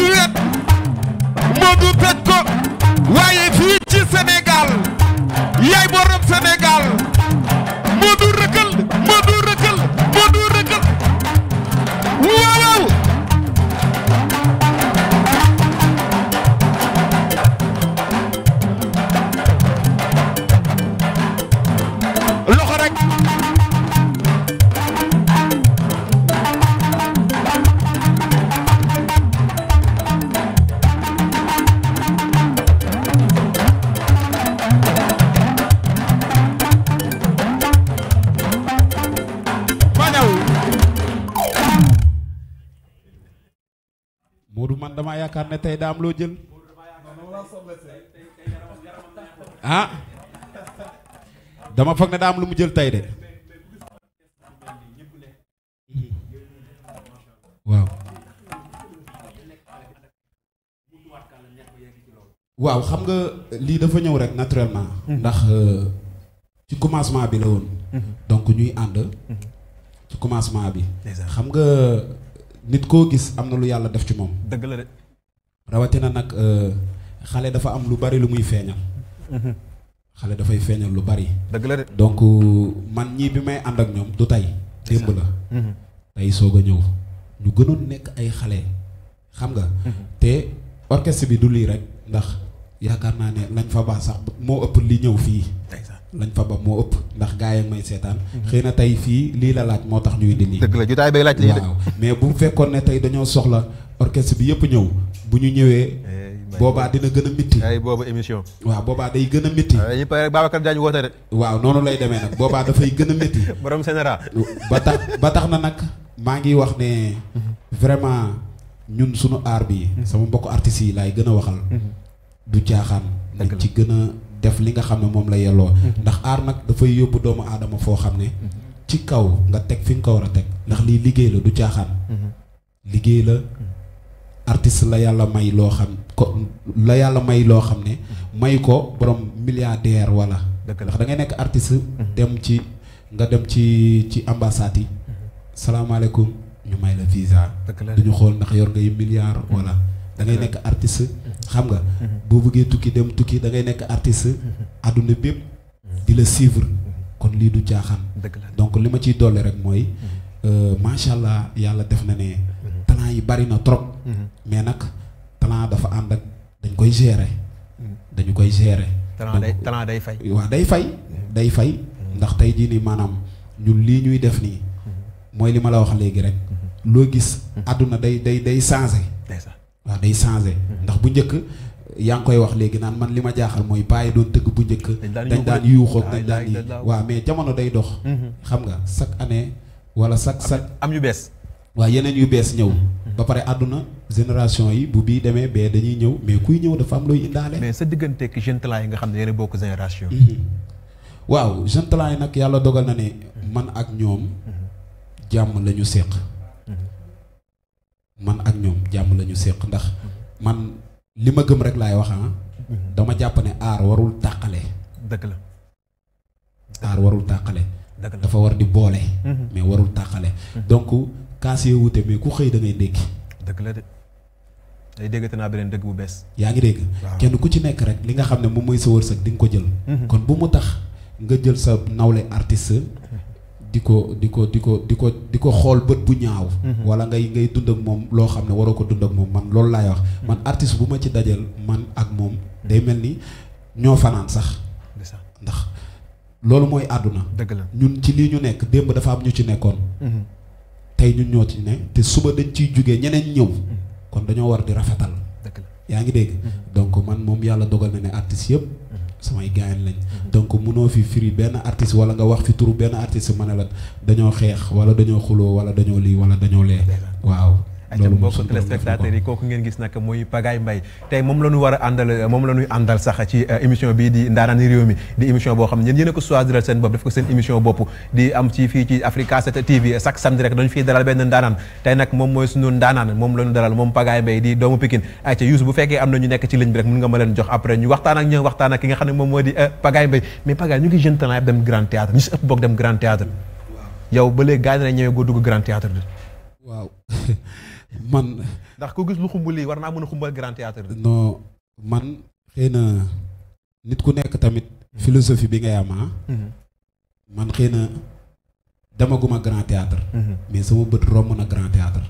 ci wet Modou Petco waaye fii ci Sénégal yaay borom Sénégal yaakaar ne tey daa loo jël ah. dama foog ne lu mu jël tey de waaw xam nga lii dafa ñëw rek naturellement mhm. ndax euh, ci commencement bi la woon mhm. donc ñuy ànd mhm. ci commencement bi xam nga nit koo gis am na lu yàlla def ci moom dëgg la rawatina nag euh, xale dafa am lu bari lu muy feeñal. Mhm. xale dafay feeñal lu bari. dëgg la de donc man ñii bi may ànd ak ñoom du tey. démb la. Mhm. tey soog a ñëw ñu gënoon nekk ay xale xam nga. Mhm. te orchestre bi du lii rek ndax yaakaar naa ne lañ fa ba sax moo ëpp li ñëw fii. lañ fa ba moo ëpp ndax gaa yi may seetaan. xëy na tey fii lii la laaj moo tax ñuy di lii. dëgg la jotaay bay laaj lii waaw mais bu fekkoon ne tey dañoo soxla orchestre bi yëpp ñëw bu ñu ñëwee. boobaa dina gën a mitti. ay boobu émission. waaw boobaa day gën a mitti. ñu pare rek Babacar Diagne woote de. waaw noonu lay deme nag boobaa dafay gën a mitti. borom général. ba tax ba tax na nag maa ngi wax ne vraiment ñun sunu aar bi mhm. sama mbokku artistes yi laay gën a waxal. Mhm. du caaxaan. dëgg ci gën a def li nga xam ne moom la yelloo. Mhm. ndax aar nag dafay yóbbu doomu aadama foo xam ne. ci kaw nga teg fi nga ko war a teg ndax lii liggéey la du caaxaan. liggéey la. artiste la yàlla may loo xam ko la yàlla may loo xam ne may ko borom milliardaire wala ndax da ngay nekk artiste mhm. dem ci nga dem ci ci ambassade yi mhm. salaamaaleykum ñu may la visa duñu xool ndax yor ngay milliard mhm. wala dangay ngay nekk artiste xam nga boo bëggee tukki dem tukki da ngay nekk artist àdduna bépp di la suivre kon lii du caaxaan donc li ma ciy dolli rek mooy euh, macha allah yàlla def na ne talent yi bari na trop. Mhm. mais nag talent dafa ànd ak dañ koy gérer. Mhm. dañu koy gérer. talent day day fay. waaw day fay mhm. day fay. ndax tey jii nii maanaam ñun lii ñuy def nii. mooy li ma la wax léegi rek. loo gis. àdduna day day day changé. waaw day changé. ndax bu njëkk yaa ngi koy wax léegi naan man li ma jaaxal mooy bàyyi doon tëgg bu njëkk. dañ daan yuuxoog dañ daan yi waaw mais jamono day dox. xam nga chaque année wala chaque chaque. waa yeneen yu bees ñëw. ba pare àdduna génération yi bu bii demee bee dañuy ñëw mais kuy ñëw dafa am looy indaale. mais sa digganteeg jeunes talents yi nga xam ne yéen bokk génération. Mhm. waaw jeunes yi nag yàlla dogal na ne man ak ñoom jàmm lañu ñu séq. man ak ñoom jàmm la ñu ndax man li ma gëm rek laay wax ah. dama jàpp ne aar warul tàqale. dëgg la. aar warul tàqale. dafa war di boole. Mhm. mais warul tàqale mhm. donc. kaas yee wute mais ku xëy da ngay dëgg la de tey déggate naa beneen dëgg bu bees. yaa ngi dégg. kenn ku ci nekk rek li nga xam ne moom mooy sa wërsëg di nga ko jël. Mhm. kon bu mu tax nga jël sa nawle artiste. di ko di ko di ko di ko di ko xool bët bu ñaaw. Mhm. wala ngay ngay dund ak moom loo xam ne waroo ko dund moom man loolu laay wax. Mhm. man artiste bu ma ci dajal man ak moom. day mel ni ñoo fanaan sax. ndax loolu mooy àdduna. dëgg ñun ci lii ñu nekk démb dafa am ñu ci nekkoon. tey ñun ñoo ci ne te suba dañ ciy jógee ñeneen ñëw mm-hmm. kon dañoo war di rafetal yaa ngi dégg mm-hmm. donc man moom yàlla dogal na ne artistes yëpp mm-hmm. samay gaañ lañ donc mënoo fi firi benn artiste wala nga wax fi turu benn artiste ma ne la dañoo xeex wala dañoo xuloo wala dañoo lii wala dañoo lee waaw loolu moom bokk téléspectateurs yi kooku ngeen moom la ñu war a àndal moom euh, di ndaanaani réew mi di émission boo xam ne yéen a ko choisiral benn ndaanaan tey nag moom mooy suñu ndaanaan moom la ñu moom Pagaye Mbaye di doomu Pikine ay ca Youssou bu moom moo di euh, Pagaye Mbaye mais Pagaye ñu ngi jeune talent yëpp dem grand théâtre ñu si ëpp bokk dem grand théâtre yow ba léegi gars yi na ñëwee goo dugg grand théâtre waaw man. ndax ku gis lu xumb lii war naa mën a xumbal grand théâtre bi. non man xëy na nit ku nekk tamit philosophie bi ngay am ah. mhm. man xëy na demaguma grand théâtre mhm. mais sama bët romb na grand théâtre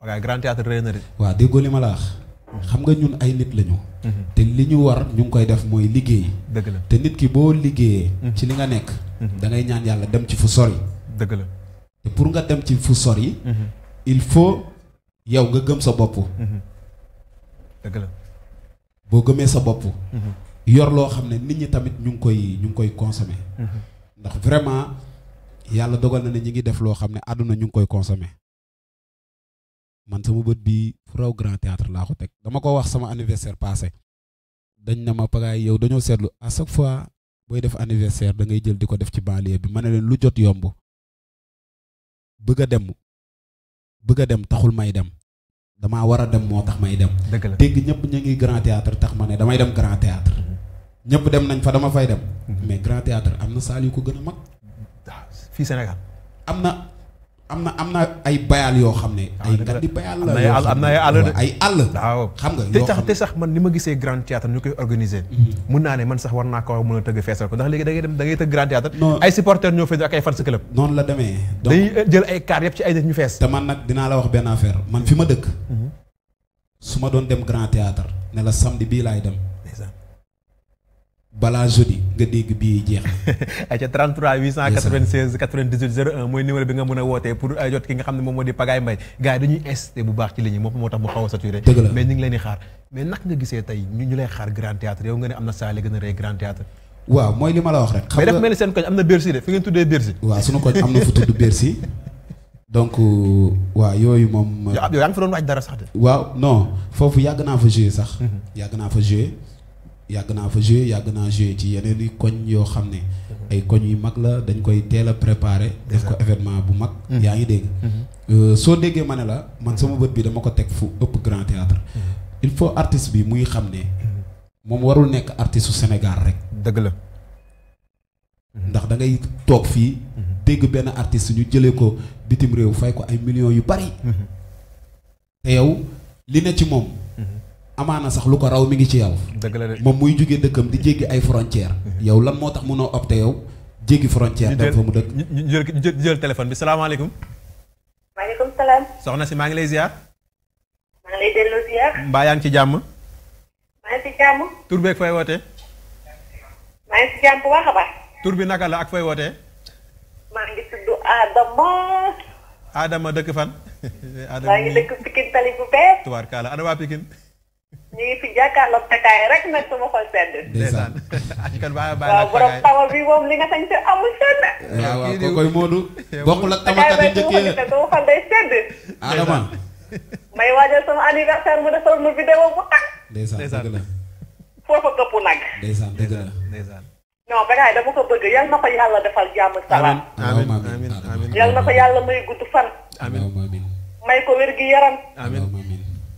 waaw grand théâtre rëy na de. waaw déggoo li ma la mhm. xam nga ñun ay nit lañu. te li ñu war ñu ngi koy def mooy liggéey. dëgg la te nit ki boo liggéeyee. ci li nga nekk. da ngay ñaan yàlla dem ci fu sori. dëgg la te pour nga dem ci fu sori. il faut yow nga gëm sa bopp. Mhm. dëgg boo gëmee sa bopp. Mhm. yor loo xam ne nit ñi tamit ñu ngi koy ñu ngi koy consommé. Mhm. ndax vraiment yàlla dogal na ne ñi ngi def loo xam ne àdduna ñu ngi koy consommé. man sama bët bi fu raw grand théâtre laa ko teg dama ko wax sama anniversaire passé dañ na ma pagaay yow dañoo seetlu à chaque fois booy def anniversaire da ngay jël di ko def ci banlieue bi ma ne leen lu jot yomb bëgg a dem bëgg a dem taxul may dem damaa war a dem moo tax may dem. dëgg la ñëpp ñu ngi grand théâtre tax ma ne damay dem grand théâtre mhm. ñëpp dem nañ fa dama fay dem. Mhm. mais grand théâtre am na saal yu ko gën a mag. Ah, fii Sénégal am na. am na am na ay bayal yoo xam ne. Ah, ay gàddi bayal la yoo xam ne ay àll xam nga te sax te sax man ni ma gisee grand théâtre ñu koy organiser. Mm-hmm. mun naa ne man sax war naa ko mën a tëgg feesal ko ndax léegi da dem da ngay tëgg grand théâtre ay supporters ñoo fees ak ay fans club. noonu la demee. donc eh, jël ay kaar yëpp ci ay nit ñu fees. te man nag dinaa la wax benn affaire man fi ma dëkk. Mm-hmm. su ma doon dem grand théâtre ne la samedi bii laay dem. balaa jeudi nga dégg bii jeex ay ca 33 896 98 01 mooy numéro bi nga mën a wootee pour euh, jot ki nga xam ne moom moo di Pagaye Mbaye gars yi dañuy insisté bu baax ci li moom moo mu xaw a saturé mais ñu ngi leen di xaar mais nag nga gisee tey ñu lay xaar grand théâtre yow nga ne am na salle gën a rëy grand théâtre waaw mooy li la wax rek xam nga mel ni seen koñ am na Bercy de fi ngeen tuddee Bercy waaw suñu koñ am na fu tudd Bercy donc euh, waaw yooyu moom yaa ngi fa sax de naa fa yàgg naa fa joué yàgg naa joué ci yeneen i koñ yoo xam ne mhm. ay koñ yu mag la dañ koy teel a préparé def ko événement bu mag mhm. yaa ngi dégg mhm. euh, soo déggee ma ne la man sama bët bi dama ko teg fu ëpp grand théâtre il faut artiste bi muy xam ne moom warul nekk artiste su Sénégal rek dëgg la ndax da ngay toog fii dégg benn artiste ñu jëlee ko bitim réew fay ko ay millions yu bari te yow li ne ci moom amaana sax lu ko raw mi ngi ci yow. dëgg moom muy jugee dëkkam di jéggi ay frontières. yow lan moo tax mënoo opté yow jéggi frontière. dem fa mu dëkk jël ñu bi salaamaaleykum. maaleykum si maa ngi lay ziar. ci jàmm. maa ngi ci wootee. maa ngi ci jàmm bu baax a bi naka la ak fay wootee. maa ngi tudd Adama. Adama dëkk fan. Adama ngi dëkk Pikine Tali bu bees. tubaarkaala ana waa Pikine. ñu ngi fi jàkkaarloog takaay rek nag sama xol sedd. ndeysaan kan baax a baax waaw borom tama bi moom li nga sañ si amul sedd. waaw waaw koy Modou. bokkul ak tamakat yi njëkk yi sama xol day sedd. Adama. bu tàkk. ndeysaan dëgg la. nag. ndeysaan dëgg la dama ko bëgg yal na ko yàlla defal jàmm salaam. yal na ko yàlla may gudd fan. amiin may ko wér gi yaram.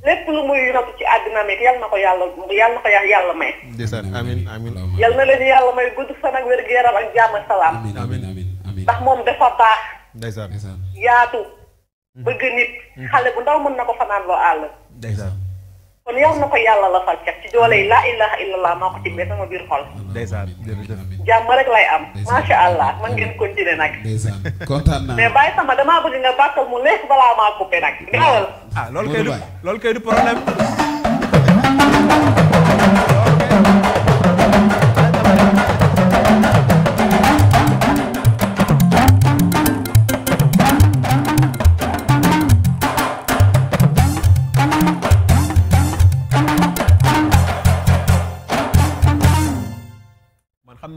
lépp lu muy yorotu ci àddina mi yal na ko yàlla yal na ko yàlla may. ndeysaan amiin amiin. yal na leen yàlla may gudd fan ak wér gu yaram ak jàmm ak salaam. amiin amiin ndax moom dafa baax. ndeysaan yaatu. Mm-hmm. bëgg nit. xale bu ndaw mën na ko fanaan loo àll. ndeysaan. kon yal na ko la fal cat ci doole yi laa ilaha illallah maa ko tibbee sama biir xol. ndeysaan jërëjëf. jàmm rek lay am. macha allah man ngeen continuer nag. ndeysaan kontaan naa damaa bëgg nga bàkkal mu lekk balaa maa coupé nag. gaawal ah loolu kay du loolu kay du problème.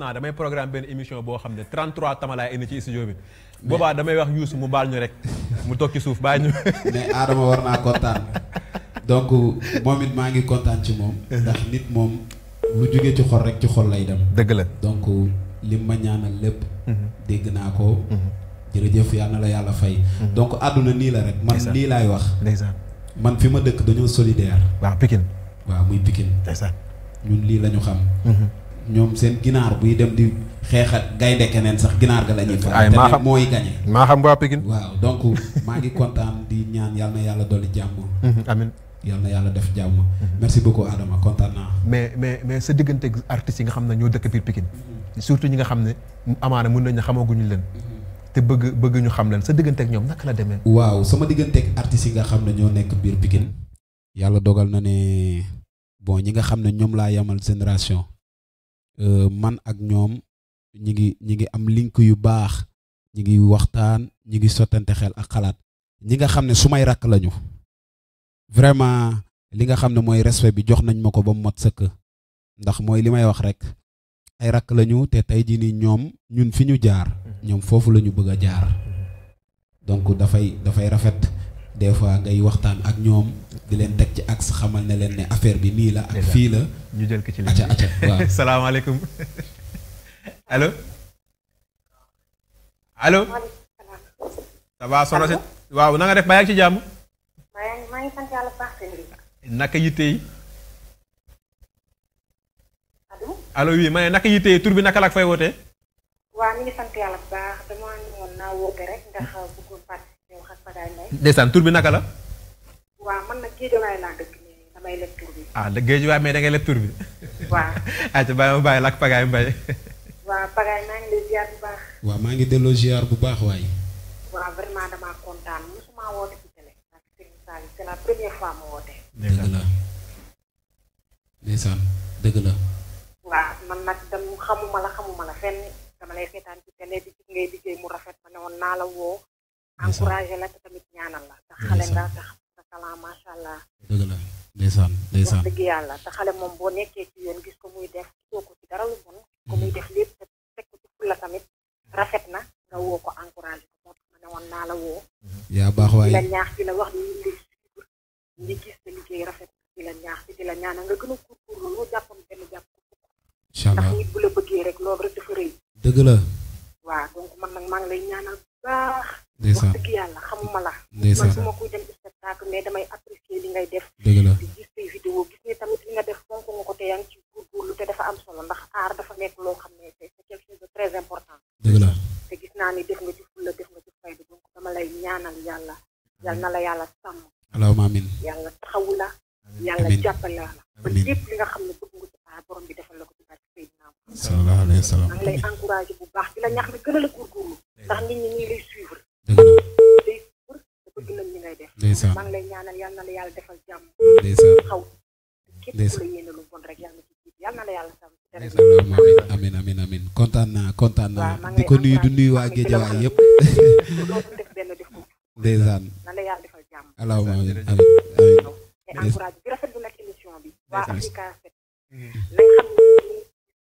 naa damay programme benn émission boo xam ne 33 tamalaay indi ci studio bi. boobaa damay wax Youssou mu baal ñu rek mu toog ci suuf bàyyi ñu. mais Adama war naa kontaan donc moom it maa ngi kontaan ci moom. ndax nit moom lu jógee ci xol rek ci xol lay dem. dëgg la donc li ma ñaanal lépp. Mhm. dégg naa ko. Mhm. jërëjëf yal na la yàlla fay. Mhm. donc àdduna nii la rek. man lii laay wax. man fi ma dëkk dañoo solidaire. waaw Pikine. waaw muy Pikine. ñun lii la xam. ñoom seen ginaar buy dem di xeex gaynde keneen sax ginaar ga la ñuy faral te mooy gañe maa xam waa Pikine waaw donc maa ngi kontaan di ñaan yal na yàlla dolli jàmm mhm, amin yal na yàlla def jàmm mhm. merci beaucoup Adama kontaan naa mais mais mais sa diggante artistes yi nga xam ne ñoo mhm. surtout ñi nga xam ne amaana mën nañ xamaguñu leen te bëgg bëgg ñu xam leen sa digganteeg ñoom naka la demee waaw sama digganteeg artistes yi nga xam ne ñoo nekk biir Pikine yàlla dogal na ne bon ñi nga xam ne ñoom laa yamal génération Euh, man ak ñoom ñi ngi ñi ngi am link yu baax ñi ngi waxtaan ñi ngi sottante xel ak xalaat ñi nga xam ne su may rakk lañu vraiment li nga xam ne mooy respect bi jox nañ ma ko ba mu mat sëkk ndax mooy li may wax rek ay rakk lañu te tey jii nii ñoom ñun fi ñu jaar mhm. ñoom foofu lañu ñu bëgg a jaar mhm. donc dafay dafay rafet des fois ngay waxtaan ak ñoom di leen teg ci ak xamal ne leen ne affaire bi nii la ak fii la ñu jël ko ci ligne bi waaw salaamaaleykum allo allo ça va soxna si waaw na def ba yaa ngi ci jàmm maa ngi sant yàlla naka yitte yi allo oui ma ne naka yitte yi tur bi naka la ak fay wootee ndeysaan tur bi naka la. waaw man nag géejawaay laa dëkk damay leb tur bi. ah géejawaay mais da leb tur bi. waaw. ayca bàyyi ma bàyyi la ak Pagaye Mbaye. waaw Pagaye maa ngi lay ziar bu baax. waaw maa ngi delloo ziar bu baax waay. woote ci télé. ak la première fois ma woote. dëgg la ndeysaan dëgg la. waaw man nag dam xamuma la xamuma la fenn dama lay seetaan ci télé bi ngay liggéey mu rafet ma ne woon naa la woo. encouragé la te tamit ñaanal la ta xale nga tax sa talent macha allah. dëgg la ndeysaan ndeysaan dëgg yàlla te xale moom boo nekkee ci yoon gis ko muy def gisoo ko ci dara lu bon ko muy mm. def lépp te fekk tamit rafet na nga woo ko encouragé ko moo tax woon naa la woo mm-hmm. yaa la ñaax di la wax ni li li gis sa liggéey rafet di la ñaax di la ñaanal nga gën a góorgóorlu jàppoon benn jàpp ko ndax nit bu la bëggee rek loolu rek dafa rëy dëgg la waaw donc man nag lay ñaanal baax. wax dëgg yàlla xamuma la. man su ma koy dem spectacle mais damay apprécier li ngay def. dëgg la di gis say li nga def fonk nga ko te yaa ngi ci góorgóorlu am solo ndax aar dafa nekk loo xam ne c'est quelque chose important. la te gis naa ni def nga ci fulla def nga ci fayda donc dama lay ñaanal yàlla yal na la yàlla sàmm. allahumma amiin yàlla taxawu la. yàlla jàppale la. ba lépp li nga xam ne bëgg nga ci aar ah, borom bi defal la sallallahu alayhi wa sallam maa a la lay suivre yàlla defal jàmm xaw képp ku la amin amin naa kontaan naa di ko nuyu du nuyu waa Géejawaay yëpp ndeysaan allahumma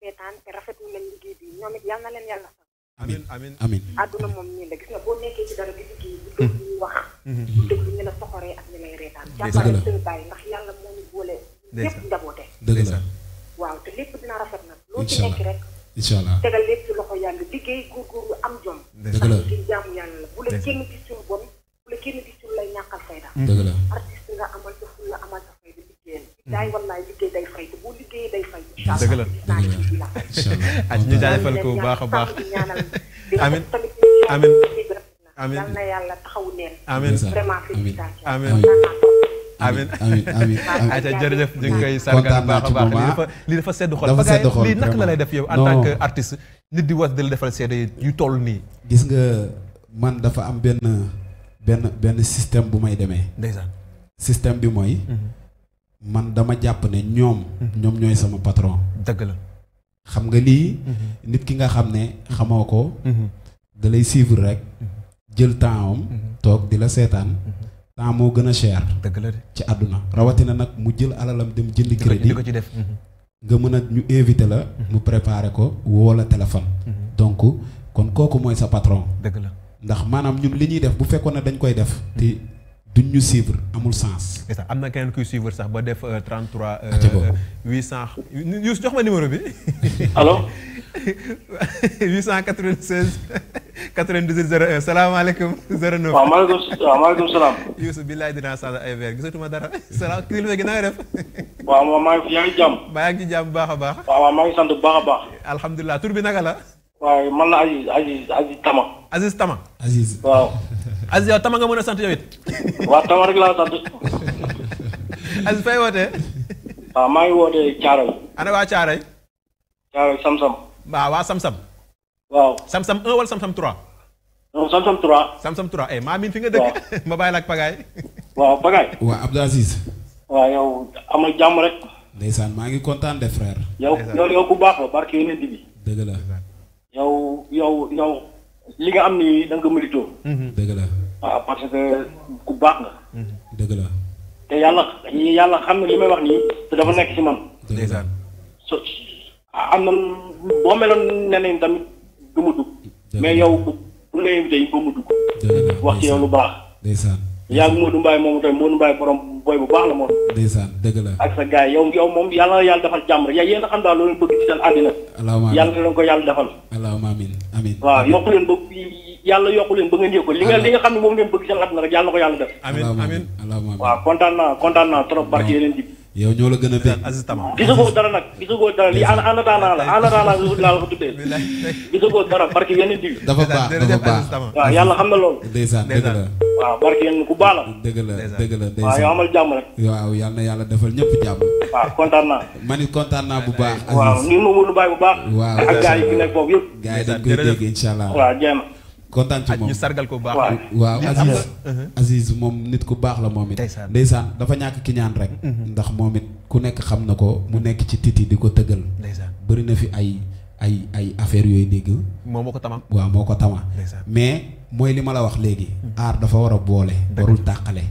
seetaan te rafetlu leen liggéey bi ñoom yal na leen yàlla sax. amiin amiin amiin àdduna moom nii la gis nga boo nekkee ci dara di liggéey di mm-hmm. déglu wax. Mm-hmm. di déglu ñu la soxoree ak ñu lay reetaan. jàppale sëñ bàyyi ndax yàlla moo ñu boole. ñëpp njaboote. dëgg la waaw te lépp dina rafet nag. loo ci nekk rek. incha allah tegal lépp ci loxo yàlla liggéey góorgóorlu am jom. dëgg la ndax jaamu yàlla la bu la kenn gisul bon bu la kenn gisul lay ñàkkal fayda. la artiste la amal Mm-hmm. daay wallaay liggéey day fay te boo liggéeyee day fay. incha allah dëgg la dëgg la ak ñu jaajëfal ko bu baax a baax. amiin amiin amiin yal na yàlla taxawu leen. amiin vraiment félicitations. amiin amiin amiin amiin jërëjëf ñu ngi koy sargal baax a baax lii dafa lii dafa sedd xol. dafa sedd xol lii naka la lay def yow en tant que artiste. nit di wax di la defal seede yu toll nii. gis nga man dafa am benn benn benn système bu may demee. ndeysaan système bi mooy. Mm-hmm. man dama jàpp ne ñoom. Mhm. ñoom ñooy sama patron. dëgg la. xam nga lii. Mhm. nit ki nga xam ne xamoo ko. Mhm. da lay rek. jël temps toog di la seetaan. temps moo gën a cher. dëgg ci àdduna rawatina nag mu jël alalam dem jënd crédit ko ci def. nga mën a ñu invité la. mu préparé ko woo la téléphone. donc kon kooku mooy sa patron. dëgg ndax maanaam ñun li ñuy def bu fekkoon ne dañ koy def. te duñ ñu suivre amul sens. am na kenn kuy suivre sax ba def 33. Euh, euh, ah, euh, huit cent Youssou jox ma numéro bi. allo. 896 92 salaamaaleykum. 09 waaw maaleykum salaam. Youssou billaay dinaa sànni ay verre gisatuma dara salaam kilifa gi na nga def. waaw maa ngi jàmm. maa ngi jàmm bu baax a baax. waaw maa ngi baax a baax. alhamdulilah tur bi naka la. waaw man la Aziz Aziz Aziz Tama. Aziz Tama. Aziz waaw. Tama nga mën a sant yow it. Tama rek laa sant. Aziz fay wootee. waaw maa ngi wootee Thiaroye. ana waa Thiaroye. Thiaroye Samsam. waaw waa Samsam. waaw Samsam 1 wala Samsam 3. non Samsam 3. Samsam eh, maa miin fi nga dëkk. ma bàyyi la ak Pagaye. waaw Pagaye. waaw Abdou Aziz. waaw yow amal jàmm rek. ndeysaan maa ngi kontaan de frère. yow yow ku baax la barke yeneen bi. dëgg la. yow yow yow li nga am ni da nga ko mérito. Mhm. dëgg la. waa ah, parce que ku baax nga. Mhm. dëgg la. te yàlla yàlla xam na li may wax nii. te dafa nekk ci man. ndeysaan. so ah, am na boo meloon neneen tamit du mu dugg. mais yow bu bu la invité yi ba mu dugg. wax ci yow lu baax. ndeysaan. yàgg Modou Mbaye moom tamit Modou Mbaye borom boy bu baax la moom. ndeysaan dëgg la. ak sa gars yow yow moom yàlla na yàlla defal jàmm rek yéen xam daal loolu bëgg ci seen àddina. ko yàlla defal. allahumma amiin amiin. leen ba yàlla yokk leen ba nga néew ko. li nga li nga xam ne moom leen bëgg seen àddina rek yàlla ko yàlla def. amiin amiin waaw kontaan naa kontaan naa trop barke yeneen ji. yow ñoo la gën a béy. gisagoo dara nag gisagoo dara lii ana ana daanaa la ana daanaa la ko tuddee. gisagoo dara barki yeneen diw. dafa baax dafa baax. waaw yàlla xam na loolu. ndeysaan dëgg la. waaw barki yeneen ku baax la. dëgg la dëgg la ndeysaan waaw yow amal jàmm rek. waaw yàlla yàlla defal ñëpp jàmm. waaw kontaan naa. ma ni kontaan naa bu baax. waaw ni ma wóolu bàyyi bu baax. waaw ak gars yi fi foofu yëpp. gars yi dañ koy dégg incha allah waaw jéem kontaan ci moom ñu sargal ko baax waaw Aziz uh-huh. Aziz moom nit ku baax la moom it ndeysaan dafa ñàkk ki ñaan rek uh-huh. ndax moom it ku nekk xam na ko mu nekk ci titi di ko tëggal bëri na fi ay ay ay affaire yooyu dégg moom moo ko tama moo ko tama mais mooy li ma la wax léegi uh-huh. aar dafa war a boole warul tàqale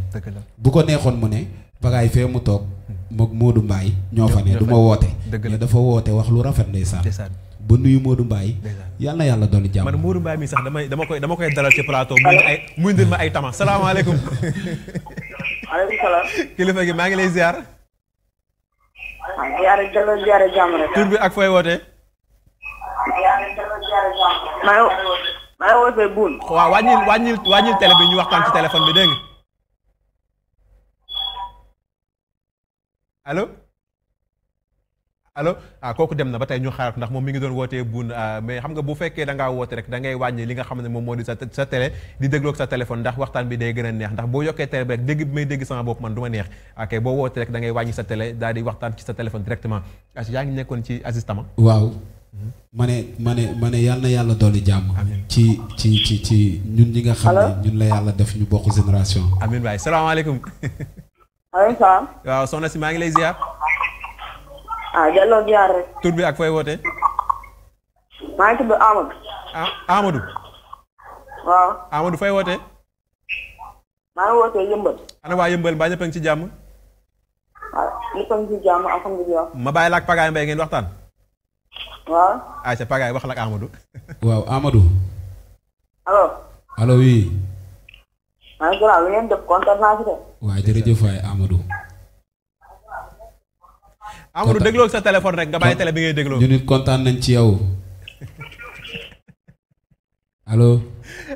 bu ko neexoon mu ne bagaay fee mu toog moog Modou Mbaye ñoo fa ne du ma woote mais dafa woote wax lu rafet ndeysaan ba nuyu Modou Mbaye yal na yàlla doon jàmm man Modou Mbaye mi sax damay dama koy dama koy dalal ci plateau muy ay ay tama salaamaaleykum maaleykum kilifa gi maa ngi lay ziar ah, ziar delloo ziar jàmm tur bi ak fooy wootee maa wàññil wàññil wàññil bi ñu waxtaan ci téléphone bi dégg nga allo ah, kooku dem na ba tey ñu xaar ndax moom mi ngi doon wootee buun ah, mais xam nga bu fekkee da ngaa woote rek da wàññi li nga xam ne moom moo di sa sa di dégloog sa téléphone ndax waxtaan bi day gën a neex ndax boo yokkee télé bi may dégg sama bopp man du ma neex ok boo woote rek da ngay wàññi sa télé daal waxtaan ci sa téléphone directement as yaa ngi nekkoon ci assistement waaw mhm. ma ne ma ne ma ne yàlla na yàlla dolli jàmm ci ci ci ci ñun ñi nga xam ne ñun la yàlla def maa ngi lay ah bi ak fooy wootee. maa ngi tudd Amadou. ah Amadou. waaw Amadou fooy wootee. maa ngi wootee yëmbal. ana waa yëmbal mbaa ñëpp a ci jàmm. waaw ñëpp a ma bàyyi la ak Pagaye Mbaye ngeen waxtaan. waaw. ayca Pagaye wax la ak waaw Amadou. allo. allo maa ngi gërëm lu ngeen def kontaan naa ci de. waaw jërëjëf waay Amadou. Amadou dégloo sa téléphone rek nga baay tele bi ngay dégloo. ñu nit kontaan nañ ci yow allo.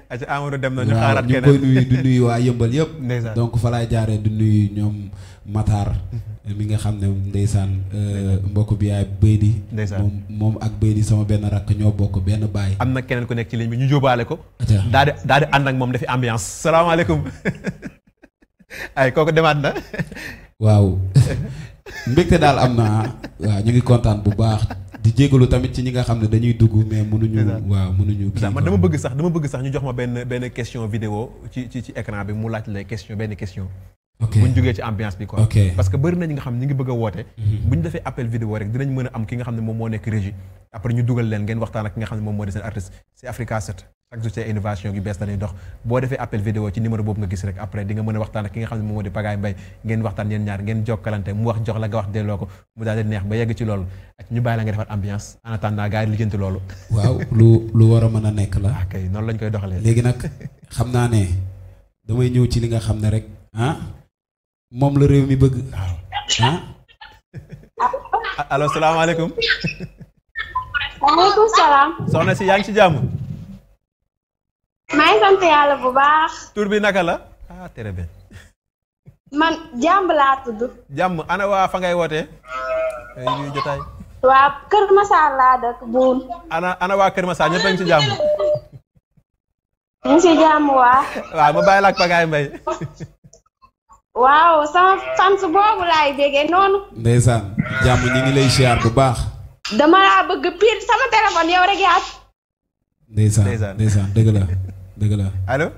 ayca Amadou dem na ñu xaaraat keneen waa yëmbal yëpp. donc fa laay jaaree du ñoom Matar. Mhm. nga xam ne ndeysaan euh, mbokk bi yaay béy di moom moom ak béy di sama benn rakk ñoo bokk benn baay. am na keneen ku nekk ci ligne bi ñu jóobaale ko. daal di ànd ak moom dafi ambiance salaamaaleykum ay kooku demaat na. waaw mbégte daal am na waaw ñu ngi kontaan bu baax di jégalu tamit ci ñi nga xam ne dañuy dugg mais mënuñu waaw mënuñu kii man dama bëgg sax dama bëgg sax ñu jox ma benn benn question vidéo ci ci bi mu laaj la question benn question ok bu ñu jógee ci ambiance bi quoi. parce que bëri ñi nga xam ñi ngi bëgg a woote. Mhm. bu ñu defee appel vidéo rek dinañ mën a am ki nga xam ne moom moo nekk régie. après ñu dugal leen ngeen waxtaan ak ki nga xam ne moom moo di seen ak ci innovation gi bees dañuy dox boo defee appel vidéo ci numéro boobu nga gis rek après di mën a waxtaan ak ki nga xam ne moom la nga wax delloo ko mu daal di neex ba ci loolu nga defar ambiance en attendant gars yi lijjanti loolu waaw lu lu war a mën a nekk la ok ah, noonu lañ koy doxalee léegi nag xam naa ne damay ñëw ci li nga ah, la réew mi bëgg ah allo salaamaaleykum waaleykum soxna si yaa ngi ci jàmm maa sant yàlla bu baax. tur bi naka la ah très man jàmb laa tudd. jàmb ana waa fa ngay wootee. ay nuyu jotaay. waa Kër Masar laa dëkk buun. ana ana waa Kër Masar ñëpp a ngi ci jàmb. ñu ngi jàmb waa. waaw ma bàyyi la ak Pagaye Mbaye. waaw sama fans boobu laay déggee noonu. ndeysaan jàmm ñu ngi lay siyaar bu baax. dama laa bëgg pire sama téléphone yow rek yaa. ndeysaan ndeysaan dëgg dëgg la allo.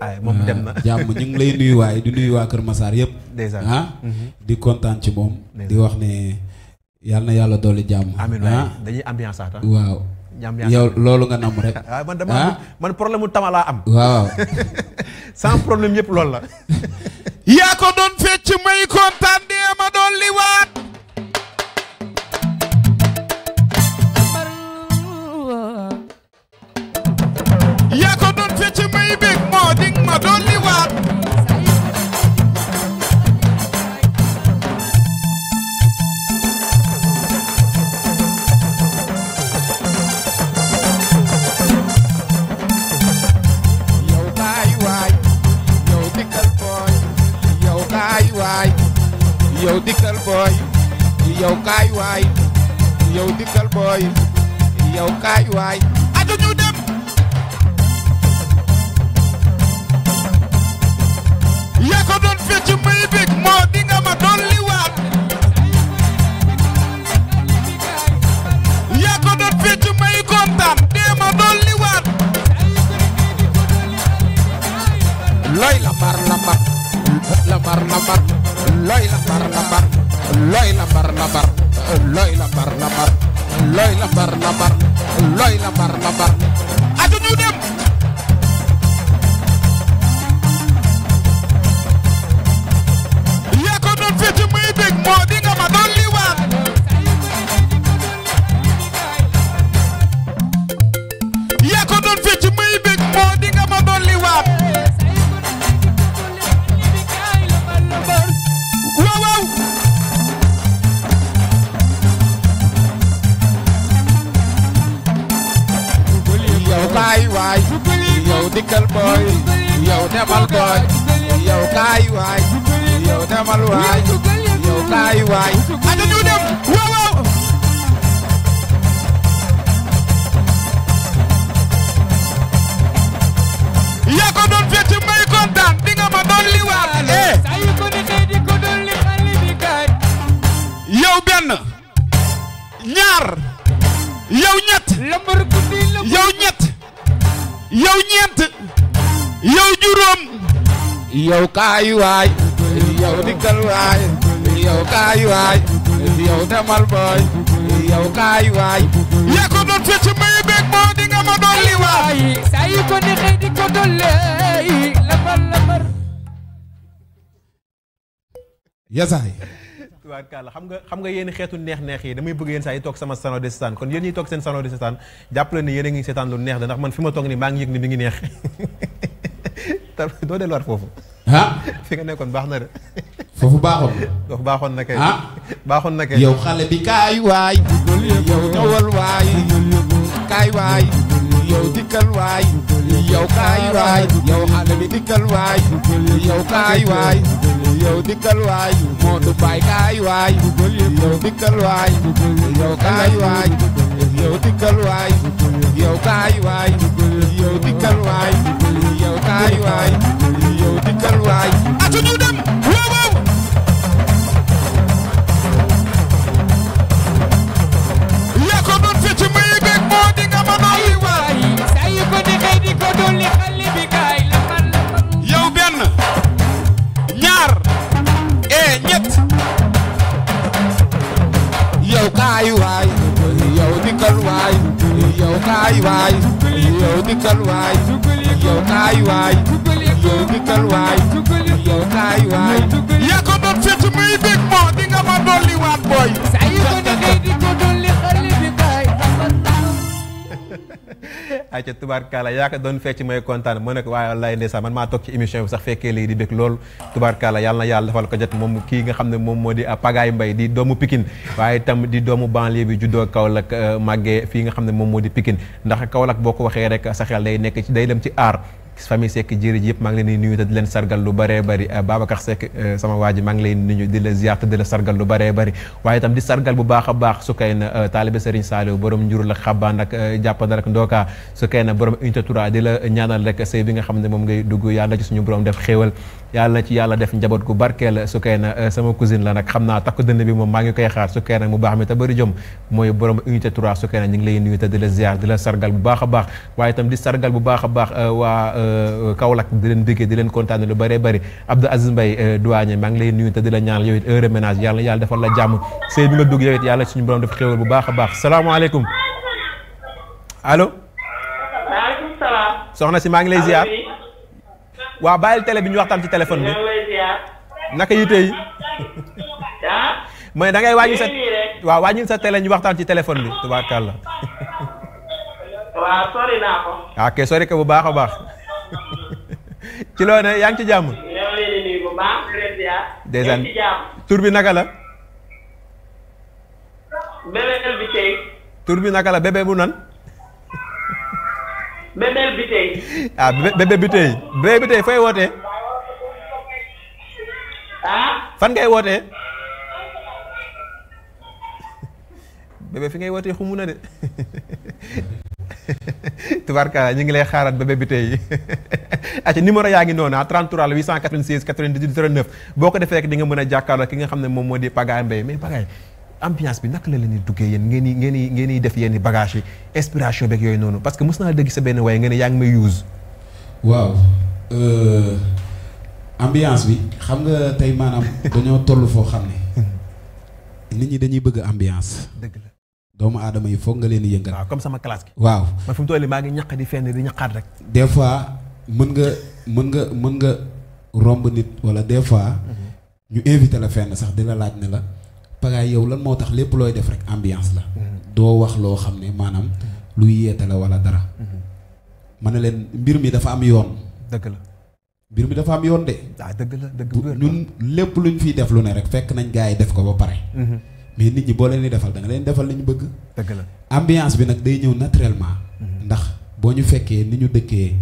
ay ah, dem na jàmm ñu ngi lay nuyu di nuyu Kër Massar yëpp. dèjà ah, mhm. di kontaan ci moom. di wax ne yàlla na yàlla dolli jàmm. amiin ah. dañuy ambiance sax waaw. yow loolu nga nam rek. ah man dama man problème mu tama laa am. waaw. sans problème yëpp loolu la. yaa ko doon fecc may kontaan dee ma doon liwaat. yow dikkal yaa ko doon fecc may bég moo di nga ma doon liwaat yaa ko looy lambar lambar looy lambar lambar looy lambar lambar looy lambar lambar looy lambar lambar adu ñu dem yàlla xam nga xam nga yéen xeetu neex-neex yi damay bëgg yéen saa yi toog sama salon seetaan kon yéen ñuy toog seen salon seetaan jàppale ni yéen a ngi seetaan lu neex da ndax man fi ma toog ni maa ngi yëg ni mi ngi neex doo delluwaat foofu ah fi nga nekkoon baax na de foofu baaxoon foofu baaxoon na kay ah baaxoon na kay yow xale bi kaay waay yow ñëwal waay kaay waay yow dikkal waay yow kaay waay yow xale bi dikkal waay yow kaay waay yow dikkal waay Modou Baye kaay waay yow dikkal waay yow kaay waay yow dikkal waay yow kaay waay yow dikkal waay yow kaay waay naay waay yow dikkal waay yow naay waay yow dikkal waay yow naay ko doon fecc muy bég moo di nga ma dolli waat booy ayca tubaarkaala yaa ko doon fecc mooy kontaan mu ne ko waaye wallaay ndeysaan man maa toog ci émission bi sax fekkee léegi di bëgg lool tubaarkaala yàlla na yàlla defal ko jot moom kii nga xam ne moom moo di ah, Pagaye Mbaye di doomu Pikine waaye itam di doomu banlieue bi juddoo Kaolack ah, màggee fii nga xam ne moom moo di pikin ndax Kaolack boo ko waxee rek sa xel day nekk ci day dem ci aar famille Seck jëri ji yëpp maa ngi leen di nuyu te di leen sargal lu bëree bëri euh, Babacar Seck euh, sama waa ji maa ngi leen nuyu di la ziar te di la sargal lu bëree bari waaye itam di sargal bu baax a baax su kay na euh, taalibe Serigne Saliou borom njurul ak xabbaan ak jàppandal ak ndookaa su kay na borom unité Toura di la ñaanal rek sëy bi xam ne moom ngay dugg yàlla ci suñu borom def xéewal yàlla ci yàlla def njaboot gu barkeel su kay na euh, sama cousine la nag xam naa takku dënn bi moom maa ngi koy xaar su kay na mu baax mi te bëri jom mooy borom unité 3 su kay na ñu ngi lay nuyu te bu baax a baax waaye itam a euh, euh, di leen béggee di leen kontaane lu bëree bëri Abdou Aziz Mbaye douanier maa ngi lay nuyu te di la ñaanal yow it heure ménage yàlla yàlla defal la jàmm sëy bi nga a baax salaamaaleykum allo. maaleykum soxna si maa ngi lay ziar. waaw bàyyil télé bi ñu waxtaan ci téléphone bi. naka yi tey. mooy dangay ngay wàññi sa waaw wàññil sa télé ñu waxtaan ci téléphone bi tubaarkàlla. waaw sori naa ko. Ah, ok sori ko bu baax a baax. ci loo ne yaa ngi ci jàmm. ñoo tur bi naka la. tur bi naka la bébé bu nan. bébé bi tey. bébé bi fooy wootee. ah. fan ngay wootee. bébé fi ngay wootee xumu na de tubarka ñu ngi lay xaaraat bébé bi tey aca numéro yaa ngi noonu ah 33 896 98 09 boo ko defee rek di mën a jàkkaarloo ki nga xam ne moom moo di Pagaye Mbaye mais Pagaye. ambiance bi naka la leen di duggee yéen ngeen di ngeen di ngeen def yenn bagage yi inspiration beeg yooyu noonu parce que mës naa dégg sa benn waaye nga ne yaa ngi may use. waaw euh, ambiance bi xam nga tey maanaam dañoo toll foo xam ne nit ñi dañuy bëgg ambiance. dëgg la doomu aadama yi foog nga leen di yëngal. waaw comme sama classe gi. waaw man fi mu toll maa ngi ñaq di fenn di ñaqaat rek. des fois mën nga mën nga mën nga romb nit wala des fois. Mhm. ñu invité la fenn sax dina laaj ne la. pagaay yow lan moo tax lépp looy def rek ambiance la mm-hmm. doo wax loo xam ne maanaam mm-hmm. lu yeete la wala dara mm-hmm. ma ne leen mbir mi dafa am yoon dëgg la mbir mi dafa am yoon de ah dëgg la dëgg lépp luñ fi def lu ne rek fekk nañ gars yi def ko ba pare mais nit ñi boo leen di defal da nga leen defal li ñu bëgg dëgg la ambiance bi nag day ñëw naturellement ndax boo ñu fekkee ni ñu dëkkee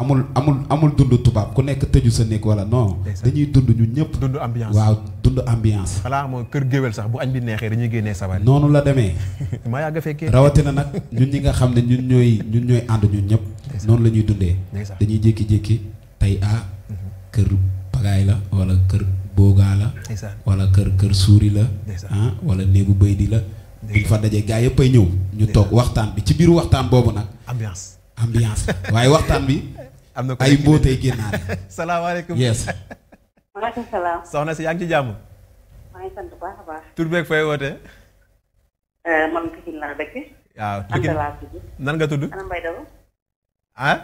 amul amul amul dund tubaab ku nekk tëju sa néeg wala non. dañuy dund ñun ñëpp. dund ambiance waaw dund ambiance. balaa moom kër géwél sax bu añ bi neexee dañuy génnee sabar. noonu la demee. maa yàgg fekkee rawatina nag ñun ñi nga xam ne ñun ñooy ñun ñooy ànd ñun ñëpp. noonu la ñuy dundee. dañuy jékki-jékki tey ah. Mhm. kër pagaay la wala kër boogaa la. wala kër kër suuri la. ah wala néegu bëy di la. buñ fa dajee gaa yëpp ay ñëw. ñu toog waxtaan bi ci biir waxtaan boobu nag. ambiance ambiance waaye waxtaan bi am na ko ay mbóotay génnaar. salaamaaleykum. yes. maaleykum salaam. soxna si yaa ngi ci jàmm. maa ngi sant bu eh, nan nga tudd. ah.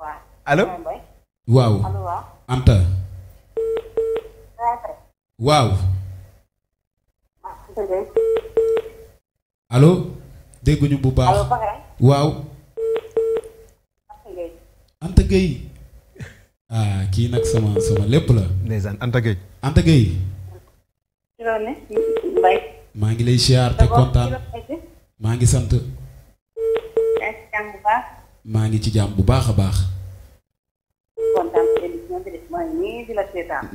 waaw. waaw. Anta. waaw. allo. dégguñu bu baax. waaw. Anta Gueye ah kii nag sama sama lépp la. ndeysaan Anta Gueye. Anta maa ngi lay siyaar te kontaan maa ngi sant. maa ngi ci jàmm bu baax a baax.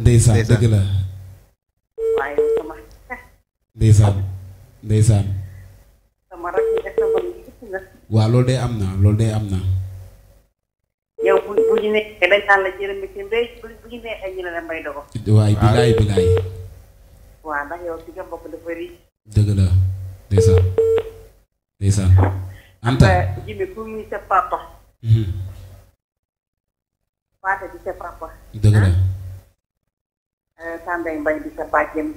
ndeysaan dëgg la. ndeysaan ndeysaan. waaw lool de am na loolu de am na. bu bu ñu neexee dañ naan la jërëjëf mbay bu ñu neexee ñu ne la mbay dogo. waay bilaay bilaay. waaw ndax yow si nga bokk dafa ri dëgg la ndeysaan ndeysaan. Anta Jimmy ku muy sa papa. Faata di sa papa. dëgg la. Euh, Sambay Mbay di sa pàjjam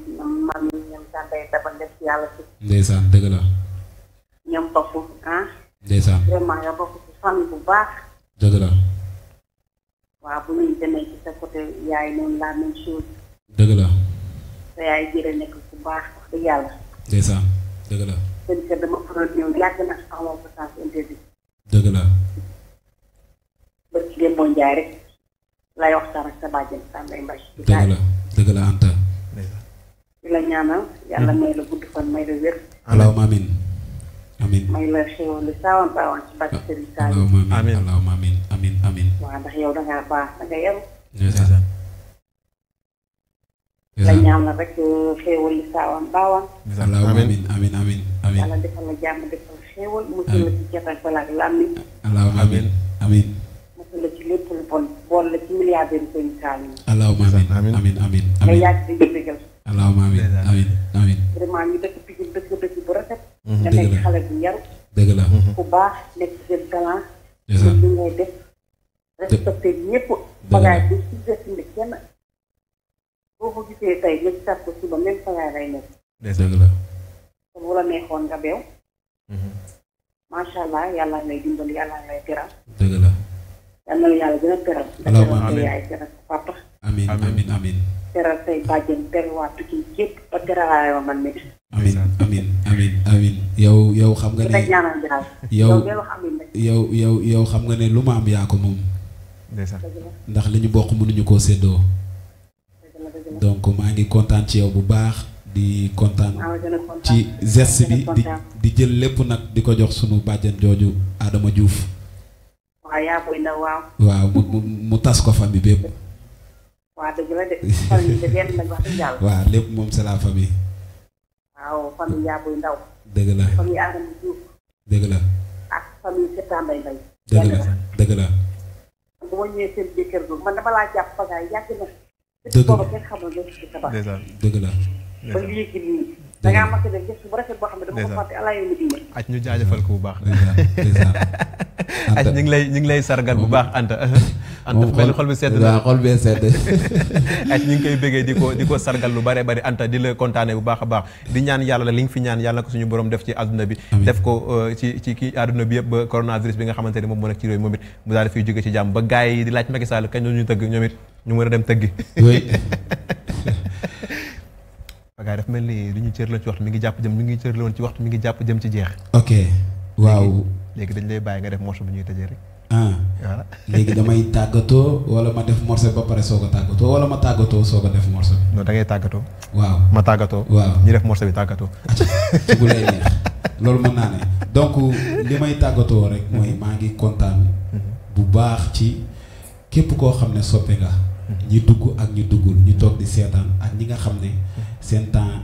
maam yi ñoom Sambay dabal def si yàlla si. ndeysaan dëgg la. ñoom bopp ah. ndeysaan vraiment nga bokk ci famille bu baax. dëgg la. waaw bu ñuy demee ci sa côté yaay noonu la même chose. dëgg la. sa yaay jërë nekk ku baax wax dëgg yàlla. ndeysaan dëgg la. seen kër dama na xamoo ko sens interdit. dëgg la. lay waxtaan ak sa bàjjen Sambay Mbaye. dëgg la dëgg Anta. yàlla may la gudd fan may la wér. allahumma amiin. amiin may la xéwale saawan baawan ci bàcc sëriñ Saliou. amiin allahumma amiin amiin amiin. waaw ndax yow da ngaa baax da nga yaru. ndeysaan. la ñaan la rek xéwale saawan baawan. allahumma amiin amiin amiin amiin. yàlla defal la jàmm defal la xéwal. amiin la ci jotal balaa ak làmmiñ. allahumma amiin amiin. la ci lépp lu bon bool la ci milliardaire sëriñ Saliou. allahumma amiin amiin amiin. nga yàgg di dëggal. allahumma amiin amiin amiin. vraiment ñu dëkk Pikine dëkk nga mhm. nekk xale bu yaru dëgg la bu baax nekk jël talent li ngay def respecté ñëpp bagage bi si gesine kenn boo ko gisee tey nga gisaat ko suba même sa yaay lay nekk dëgg la kon wala neexoon nga beew mhm. macha allah yàlla ngay dimbali yàlla ngay teral dëgg la yàlla na yàlla gën a teral amiin yaay teral sa papa amiin amiin amiin teral say bàjjen terwaat tukki yëpp ba teralaayoo man mi amiin amiin amin amin yow yow xam nga ne yow yow yow xam nga ne lu ma am yaa ko moom ndax li ñu bokk mënuñu koo séddoo donc maa ngi kontaan ci yow bu baax di kontaan ci geste bi di di jël lépp nag di ko jox sunu bàjjan jooju aadama juuf waaw mu mu tas ko famille bépp waaw lépp moom c'est la waaw famille Yaaboy Ndaw. dëgg la famille Adama Diouf. dëgg la. ak famille Setta Mbaye Mbaye. dëgg la dëgg la. bu ma ñëwee seen jëkkër boobu man dama laa jàpp ba yàgg na. dëgg la dëgg la. ba léegi nii. da ngaa mas a def gëstu bu rafet boo xam ne dama ko fàtte ala yow mi aj ñu jaajëfal ko bu baax. aj ñu ngi lay ñu ngi lay sargal bu baax Anta. Anta mel xol bi sedd na waaw xol bee sedd. aj ñu ngi koy bëggee di ko di ko sargal lu bare bari Anta di la kontaane bu baax a baax di ñaan yàlla li nga fi ñaan yàlla na ko suñu borom def ci àdduna bi. def ko euh, ci ci kii àdduna bi yëpp ba coronavirus bi nga xamante ne moom moo nekk ci réew moom it mu daal di fiy jóge ci jàmm ba gars yi di laaj Macky Sall kañ la ñu tëgg ñoom it ñu mën a dem tëggi pagaay dafa mel ni li ñu cër la ci waxtu mi ngi jàpp jëm mi ngi cër la woon ci waxtu jàpp jëm ci jeex. waaw léegi dañ lay bàyyi nga def morceau bu ñuy tëjee rek. ah voilà léegi damay tàggatoo wala ma def morceau ba pare soog a wala ma tàggatoo soog a def morceau bi. non tàggatoo. waaw ma tàggatoo. waaw ñu def morceau bi tàggatoo. ci bu lay neex loolu mën naa ne donc li may tàggatoo rek mooy maa ngi kontaan mhm. bu baax ci képp koo xam ne soppe nga. Mhm. ñi dugg ak ñi duggul ñu toog di seetaan ak ñi nga xam ne. seen temps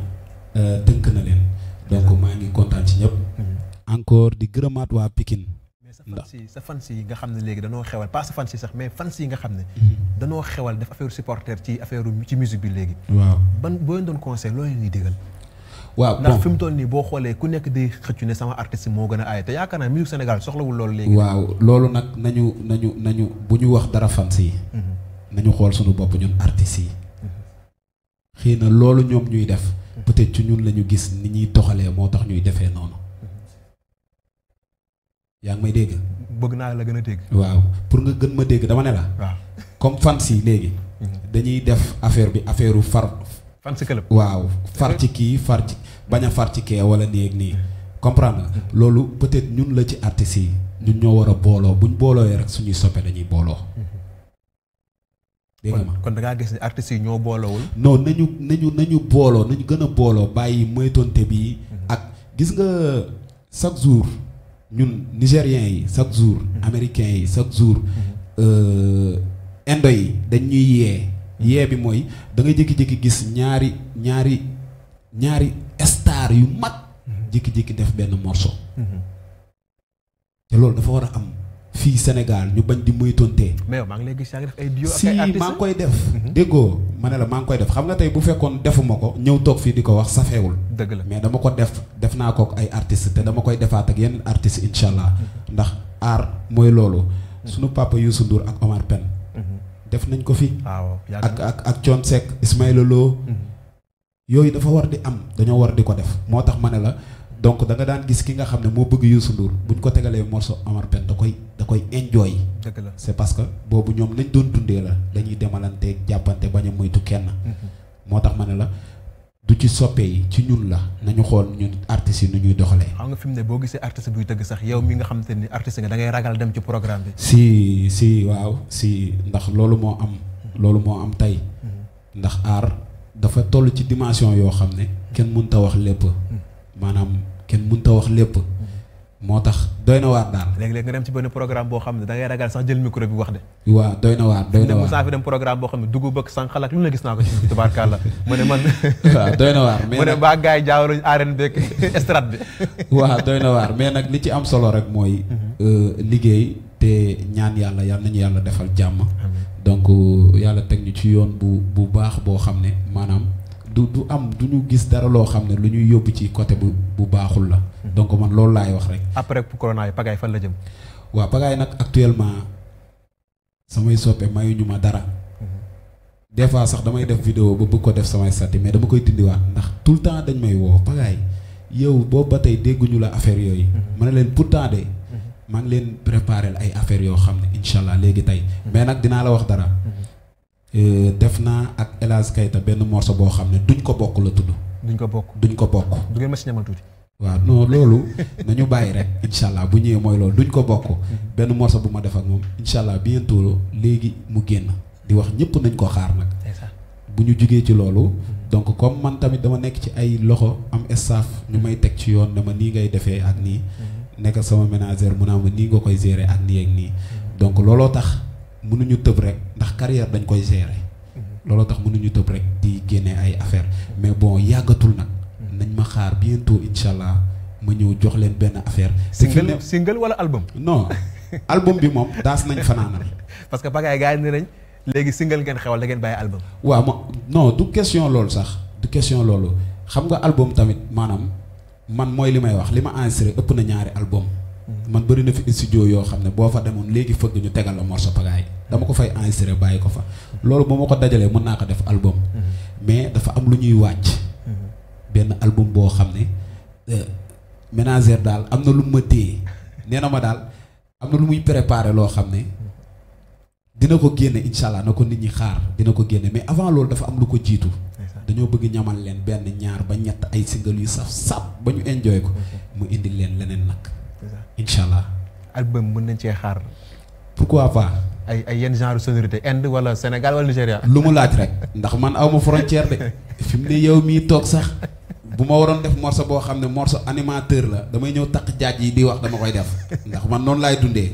euh, tënk na leen donc maa ngi kontaan ci ñëpp mm. encore di gërëmaat waa Pikine ndax sa fans yi nga xam ne léegi danoo xewal pas sa fans yi sax mais fans yi nga xam ne mm-hmm. danoo xewal def affaire supporter ci affaire ci musique bi léegi waaw ban boo leen doon conseil loo leen di digal waaw ndax fi mu toll nii boo xoolee ku nekk day xëccu ne sama artiste moo gën a aay te yaakaar naa musique Sénégal soxlawul loolu léegi waaw loolu nag nañu nañu nañu bu ñu wax dara fans yi mm-hmm. nañu xool suñu bopp xëy na loolu ñoom ñuy def peut-être ci ñun lañu gis ni ñuy doxalee moo tax ñuy defee noonu yaa ngi may dégg. bëgg naa la gën a dégg. waaw pour nga gën ma dégg dama ne la. waaw comme fans léegi. Mhm. dañuy def affaire bi affaire far. fans club waaw far ci mhm. kii far ci bañ a far ci kee wala nii ak nii mhm. comprendre nga loolu peut-être ñun la ci artistes yi ñun ñoo war a booloo buñ boolooyee rek suñuy soppe dañuy booloo. dégg nga kon da ngaa gis ne artistes yi ñoo boolowul. non nañu nañu nañu booloo nañu gën a booloo bàyyi moytonte bi mhm. ak gis nga chaque jour ñun nigériens yi chaque jour. Mhm. américains yi chaque jour. Mhm. Euh, indo yi dañuy yee. yee bi mooy da nga jékki-jékki gis ñaari ñaari ñaari star yu mag. jékki-jékki def benn morso te loolu dafa war a am. fii Sénégal ñu bañ di moytontee. mais maa ngi lay ay duo ak ay maa ngi koy def. Mhm. déggoo ma ne la maa ngi koy def xam nga tey bu fekkoon defuma ko ñëw toog fii di ko wax safewul dëgg mais dama ko def def naa ko ay artistes te dama koy defaat ak yenn artistes incha allah. Mhm. ndax aar mooy loolu. Mhm. sunu papa Youssou Ndour ak Omar Pène. def nañ ko fi. Ah, waaw ak ak ak Thione Seck Ismaïla Lo. yooyu dafa war di am dañoo war di ko def moo tax ma ne la. donc da daan gis ki nga xam ne moo bëgg Youssou Ndour buñ ko tegalee morceau Omar Pène da koy da koy enjoy. dëgg la c'est parce que boobu ñoom nañ doon dundee la dañuy demalanteeg jàppante bañ a moytu kenn. Mhm. moo tax ma ne la du ci soppee yi ci ñun la nañu xool ñun artistes yi nu ñuy doxalee. xam nga fi mu ne boo gisee artiste buy tëgg sax yow mi nga xam te ni artiste nga da ragal dem ci programme bi. si si waaw si ndax loolu moo am. loolu moo am tey. Mhm. ndax aar dafa toll ci dimension yoo xam ne. kenn mënut wax lépp. Mhm. maanaam kenn mënut a wax lépp. moo tax doy na waar daal. léeg-léeg nga dem ci benn programme boo xam ne da ragal sax jël micro bi wax de. waaw doy na waar doy na waar Moussa programme boo xam ne dugub ak sànqal ak lu ne gis naa ko ci tubaarkàlla mu ne man. waaw doy na waar mais mu ne baa gars waar mais nag li ci am solo rek mooy. Mhm. Euh, liggéey te ñaan yàlla yàlla yal nañu yàlla defal jàmm. donc euh, yàlla teg ñu ci yoon bu bu baax boo xam ne maanaam. du du am du ñu gis dara loo xam ne lu ñuy yóbbu ci côté bu bu baaxul la. Mm-hmm. donc man loolu laay wax rek. après pour corona yi pagaay fan la jëm. waaw pagaay nag actuellement samay soppe mayuñu ma dara. Mm-hmm. des fois sax damay def video ba bëgg ko def samay sati mais dama koy dindiwaat ndax tout le temps dañ may woo pagaay yow boobu ba tey dégguñu la affaire yooyu. Mm-hmm. ma ne leen pourtant de. maa ngi leen préparé ay affaires yoo xam ne incha allah léegi tey. mais nag dinaa la wax dara. Euh, def naa ak El Hadj Keita benn morceau boo xam ne duñ ko bokk la tudd. duñ ko bokk duñ ko bokk. du ngeen ma tuuti. waaw non loolu nañu bàyyi rek incha allah bu ñëwee mooy lool duñ ko bokk. Mm-hmm. benn morceau bu ma def ak moom incha allah bientôt léegi mu génn di wax ñëpp nañ ko xaar nag. bu ñu jugee ci loolu. Mm-hmm. donc comme man tamit dama nekk ci ay loxo am staff ñu may teg ci yoon dama nii ngay defee ak nii. Mm-hmm. nekk sama ménagère mu naa ma nii nga koy gérer ak nii ak nii. donc looloo tax. munuñu tëb rek ndax carrière dañ koy gérer mhm. looloo tax mënuñu tëb rek di génne ay affaire mais bon yàggatul nag mhm. nañ ma xaar bientôt incha allah ma ñëw jox leen benn affaire. single single wala album. no album bi moom daas nañ fanaanal. parce que pagaay gars yi ne nañ léegi single ngeen xewal da bàyyi album. waaw ma non du question loolu sax du question loolu xam nga album tamit maanaam man mooy li may wax li ma enregistré ëpp na ñaari album. Mhm. man bëri na fi studio yoo xam ne boo fa demoon léegi fëgg ñu tegal la morceau pagaay. dama ko fay enregistré bàyyi ko fa loolu bu ma ko dajalee mën naa ko def album mais dafa am lu ñuy wàcc benn album boo xam ne euh, ménagère daal am na lu ma téye nee na ma daal am na lu muy préparé loo xam ne dina ko génne incha allah na ko nit ñi xaar dina ko génne mais avant loolu dafa am lu ko jiitu dañoo bëgg ñaman leen benn ñaar ba ñett ay single yu saf sap ba ñu enjoy ko mu indi leen leneen nag incha allah album mën nañ cee xaar pourquoi pas ay ay yenn genre sonorité Inde wala Sénégal wala Nigéria. lu mu laaj rek ndax man aw ma frontière de fi mu ne yow mii toog sax bu ma waroon def morceau boo xam ne morceau animateur la damay ñëw takk jaaj yi di wax dama koy def ndax man noonu laay dundee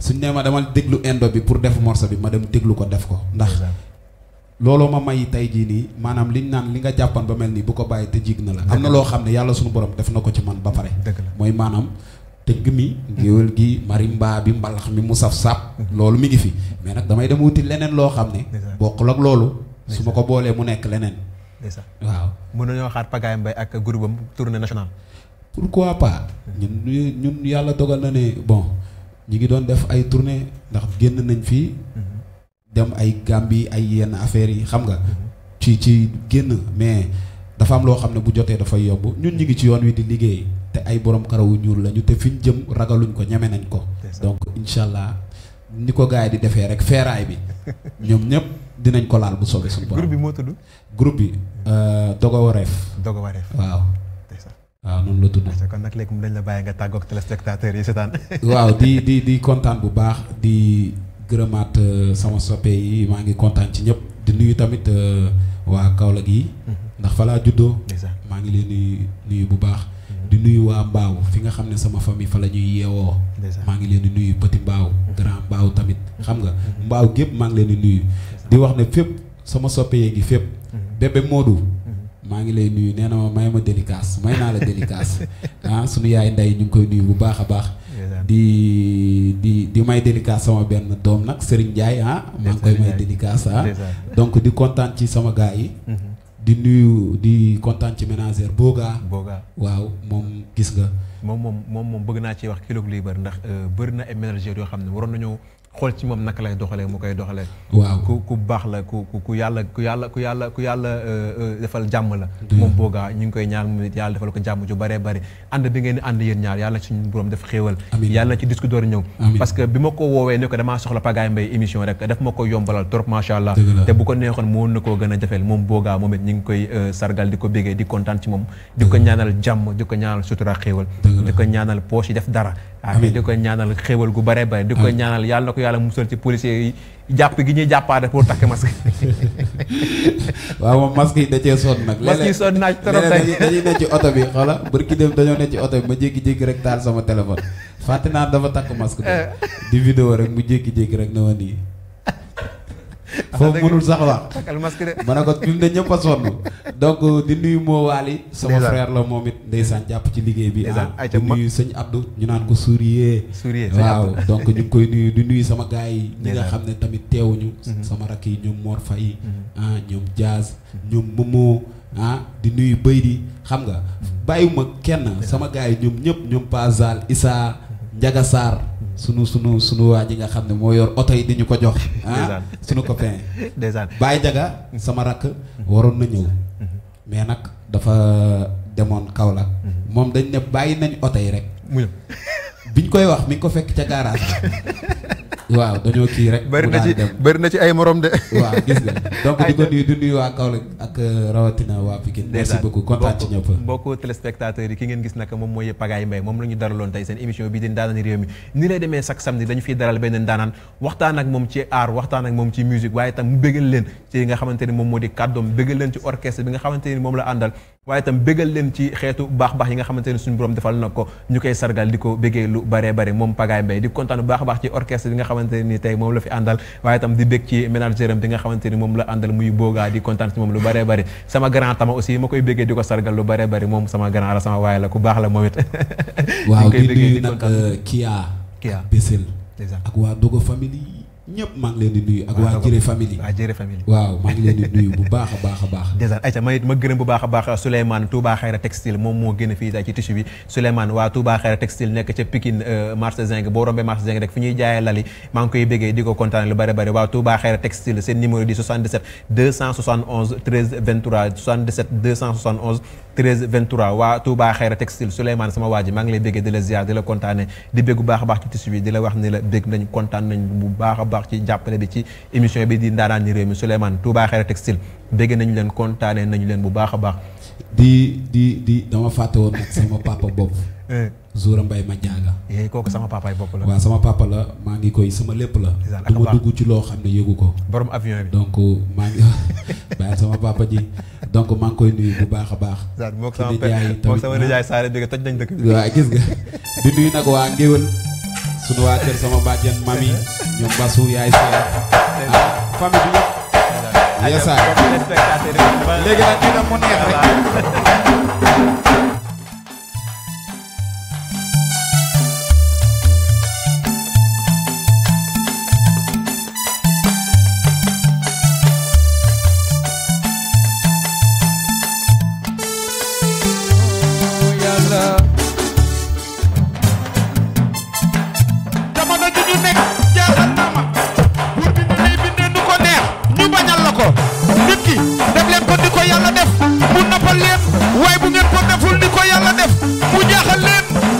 suñ ne ma demal déglu indo bi pour def morceau bi ma dem déglu ko def ko ndax. looloo ma may tey jii nii maanaam liñ naan li nga jàppoon ba mel nii bu ko bàyyi te jig na la. am na loo xam ne yàlla suñu borom def na ko ci man ba pare. mooy maanaam. tëgg mi géwél gi marimba bi mbalax mi mu saf sap loolu mu ngi fi mais nag damay dem wuti leneen loo xam ne bokkul ak loolu su ma ko boolee mu nekk leneen waaw mën nañoo xaar Pagaye Mbaye ak groupe am tournée nationale pourquoi pas ñun ñun yàlla dogal na ne bon ñi ngi doon def ay tournée ndax génn nañ fii dem ay Gambie ay yenn affaires yi xam nga ci ci génn mais dafa am loo xam ne bu jotee dafay yobbu ñun ñi ngi ci yoon wi di liggéey te ay borom karawu ñuul lañu te fi ñu jëm ragaluñ ko ñeme nañ ko. donc incha allah ni ko gars yi di defee rek feeraay bi ñoom ñëpp dinañ ko laal bu soobee suñu borom. groupe bi moo tudd. groupe bi euh, Dogo Wareef. Dogo Wareef waaw. waaw noonu la tudd. nag léegi mu dañ la bàyyi nga tàggoog ak téléspectateurs yi seetaan. waaw di di di kontaan bu baax di gërëmaat euh, sama soppe yi maa ngi kontaan ci ñëpp di nuyu tamit euh, waa Kaolack yi. Mhm. ndax fa laa juddoo. maa ngi leen di nuyu bu baax. di nuyu waa Mbaaw fi nga xam ne sama famille fa la ñuy yeewoo. maa ngi leen di nuyu Petit Mbaaw. Mhm. Grand Mbaaw tamit mhm. xam nga. Mhm. Mbaaw gépp maa ngi leen di nuyu. di wax ne fépp sama soppe yee ngi fépp. bébé Modou. maa ngi lay nuyu nee na ma may ma dédicace may naa la dédicace ah sunu yaay nday ñu ngi koy nuyu bu baax a baax. di di di may dédicace sama benn doom nag Serigne Ndiaye ah. maa ngi koy may dédicace ah. donc di kontaan ci sama gars yi. di nuyu di kontaan ci ménagère Boga. Boga waaw moom gis nga. moom moom moom moom bëgg naa ci wax kilo liibar ndax euh, bëri na ay ménagères yoo xam ne waroon na ñëw xool ci moom naka lay doxalee moo koy doxalee. waaw ku ku baax la ku ku yàlla ku yàlla ku yàlla ku yàlla euh, euh, defal jàmm la. moom boogaa ñu ngi koy ñaan mu yàlla defal ko jàmm ju bëree bëri. ànd bi ngeen ànd yéen ñaar yàlla suñu borom def xéewal. yàlla ci disque d'or ñëw. parce que bi ma ko woowee ne ko damaa soxla Pagaye Mbaye émission rek daf ma ko yombalal trop macha allah. te bu neexoon mu woon na koo gën a moom boogaa moom it ñu ngi koy euh, sargal di ko béggee di kontaan ci moom. di ko ñaanal jàmm di ko ñaanal sutura xéewal di ko ñaanal poche yi def dara amiin di ko ñaanal xéwal gu bare bare di ko ñaanal yàlla na ko yàlla musal ci policier yi jàpp gi ñuy jàppaade pour takk masque waaw moom masque yi da cee sonn nag masque yi sonn naa ci trop tey dañuy ci oto bi xoola barki dem dañoo ne ci oto bi ma jékki-jékki rek taal sama téléphone fàtte naa dafa takk masque di vidéo rek mu jékki-jékki rek na ma nii foofu mënul sax wax ma ne ko fi mu ne ñëpp a sonn donc di nuyu moo waali sama frère la moom it ndeysaan jàpp ci liggéey bi ah di nuyu sëñ Abdou ñu naan ko Sourié waaw donc ñu ngi koy nuyu di nuyu sama gars yi ñi nga xam ne tamit teewuñu mhm. sama rakk yi ñoom Mor Faye mhm. ah ñoom Diaz mhm. ñoom Momo ah di nuyu bëy di xam nga bàyyiwuma kenn sama gars yi ñoom ñëpp ñoom Pazal Issa Ndiaga Sarr sunu sunu sunu waa ji nga xam ne moo yor oto yi di ko jox. ah sunu copain. dèjà Baye Jaga sama rakk. waroon na ñëw. Mhm. mais nag dafa demoon Kaolack. Mhm. moom dañ ne bàyyi nañ oto yi rek. biñ koy wax mi ngi ko fekk ca garage waaw dañoo kii rek. bëri na ci na ci ay morom de. waaw gis nga donc di ko nuyu di nuyu waa Kaolack ak euh, rawatina waa Pikine. merci beaucoup kontaan ci ñëpp. mbokku téléspectateurs yi ki ngeen gis naka moom mooy Pagaye Mbaye moom la ñu daraloon tey seen émission bii di ndaanaan réew mi ni lay demee chaque samedi dañu fiy daral benn ndaanaan waxtaan ak moom ci art waxtaan ak moom ci musique waaye itam mu bégal leen ci nga xamante ni moom moo di kàddoom bégal leen ci orchestre bi nga xamante ni moom la àndal waaye tam bégal leen ci xeetu baax baax yi nga xamante ne suñu borom defal na ko ñu koy sargal di ko bégee lu baree bare moom Pagaye Mbaye di kontaan a baax ci orchestre bi nga xamante ni tey moom la fi àndal waaye itam di bég ci ménager am bi nga xamante ni moom la muy boogaa di kontaan ci moom lu baree bare sama grand aussi ma koy bégee di ko sargal lu baree bare moom sama grand la sama waaye la ku baax la moom euh, Kia ñëpp maa ngi leen di nuyu ak waa Jëre famille waa Jëre famille waaw maa leen di nuyu bu baax a baax a baax dèjà ayca may ma gërëm bu baax a baax Souleymane Touba Xayra Textile moom moo génn fii ci tissu bi Souleymane waa Touba Xayra Textile nekk ca Pikine euh, marché Zinc boo rombee marché Zinc rek fi ñuy jaayee lali maa ngi koy béggee di ko kontaan lu bari bari waa Touba Xayra Textile seen numéro di 77 271 13 23 77 271 13 23 waa Touba Xayra Textile Souleymane sama waa ji maa ngi lay béggee di la ziar di la kontaane di bégg bu baax a baax ci tissu bi di la wax ni la bégg nañ kontaan nañ bu baax a baax ci jàppale bi ci émission bi di ndaanaan ni réew mi Souleymane Touba Xayra Textile bégg nañu leen kontaane nañu leen bu baax a baax di di di dama fàtte woon nag sama papa boobu eh. Zoura Mbaye Madiaga. Eh, kooku sama papaay bopp la. sama papa la maa ngi koy sama lépp la. du ma dugg ci loo xam ne yëgu ko. borom avion bi donc maa ngi ji donc maa ngi koy nuyu bu baax a baax. moom sama père moom sama ah. nijaay Saare bi toj nañ dëkk bi. waaw gis nga di nuyu nag waa Ngéwël sunu waa kër sama bàjjen mami ñoom Basou yaay ah, Saare léegi nag dina mu neex rek. jaaxal leen waaye bu ngeen ko deful ni ko yàlla def mu jaaxal leen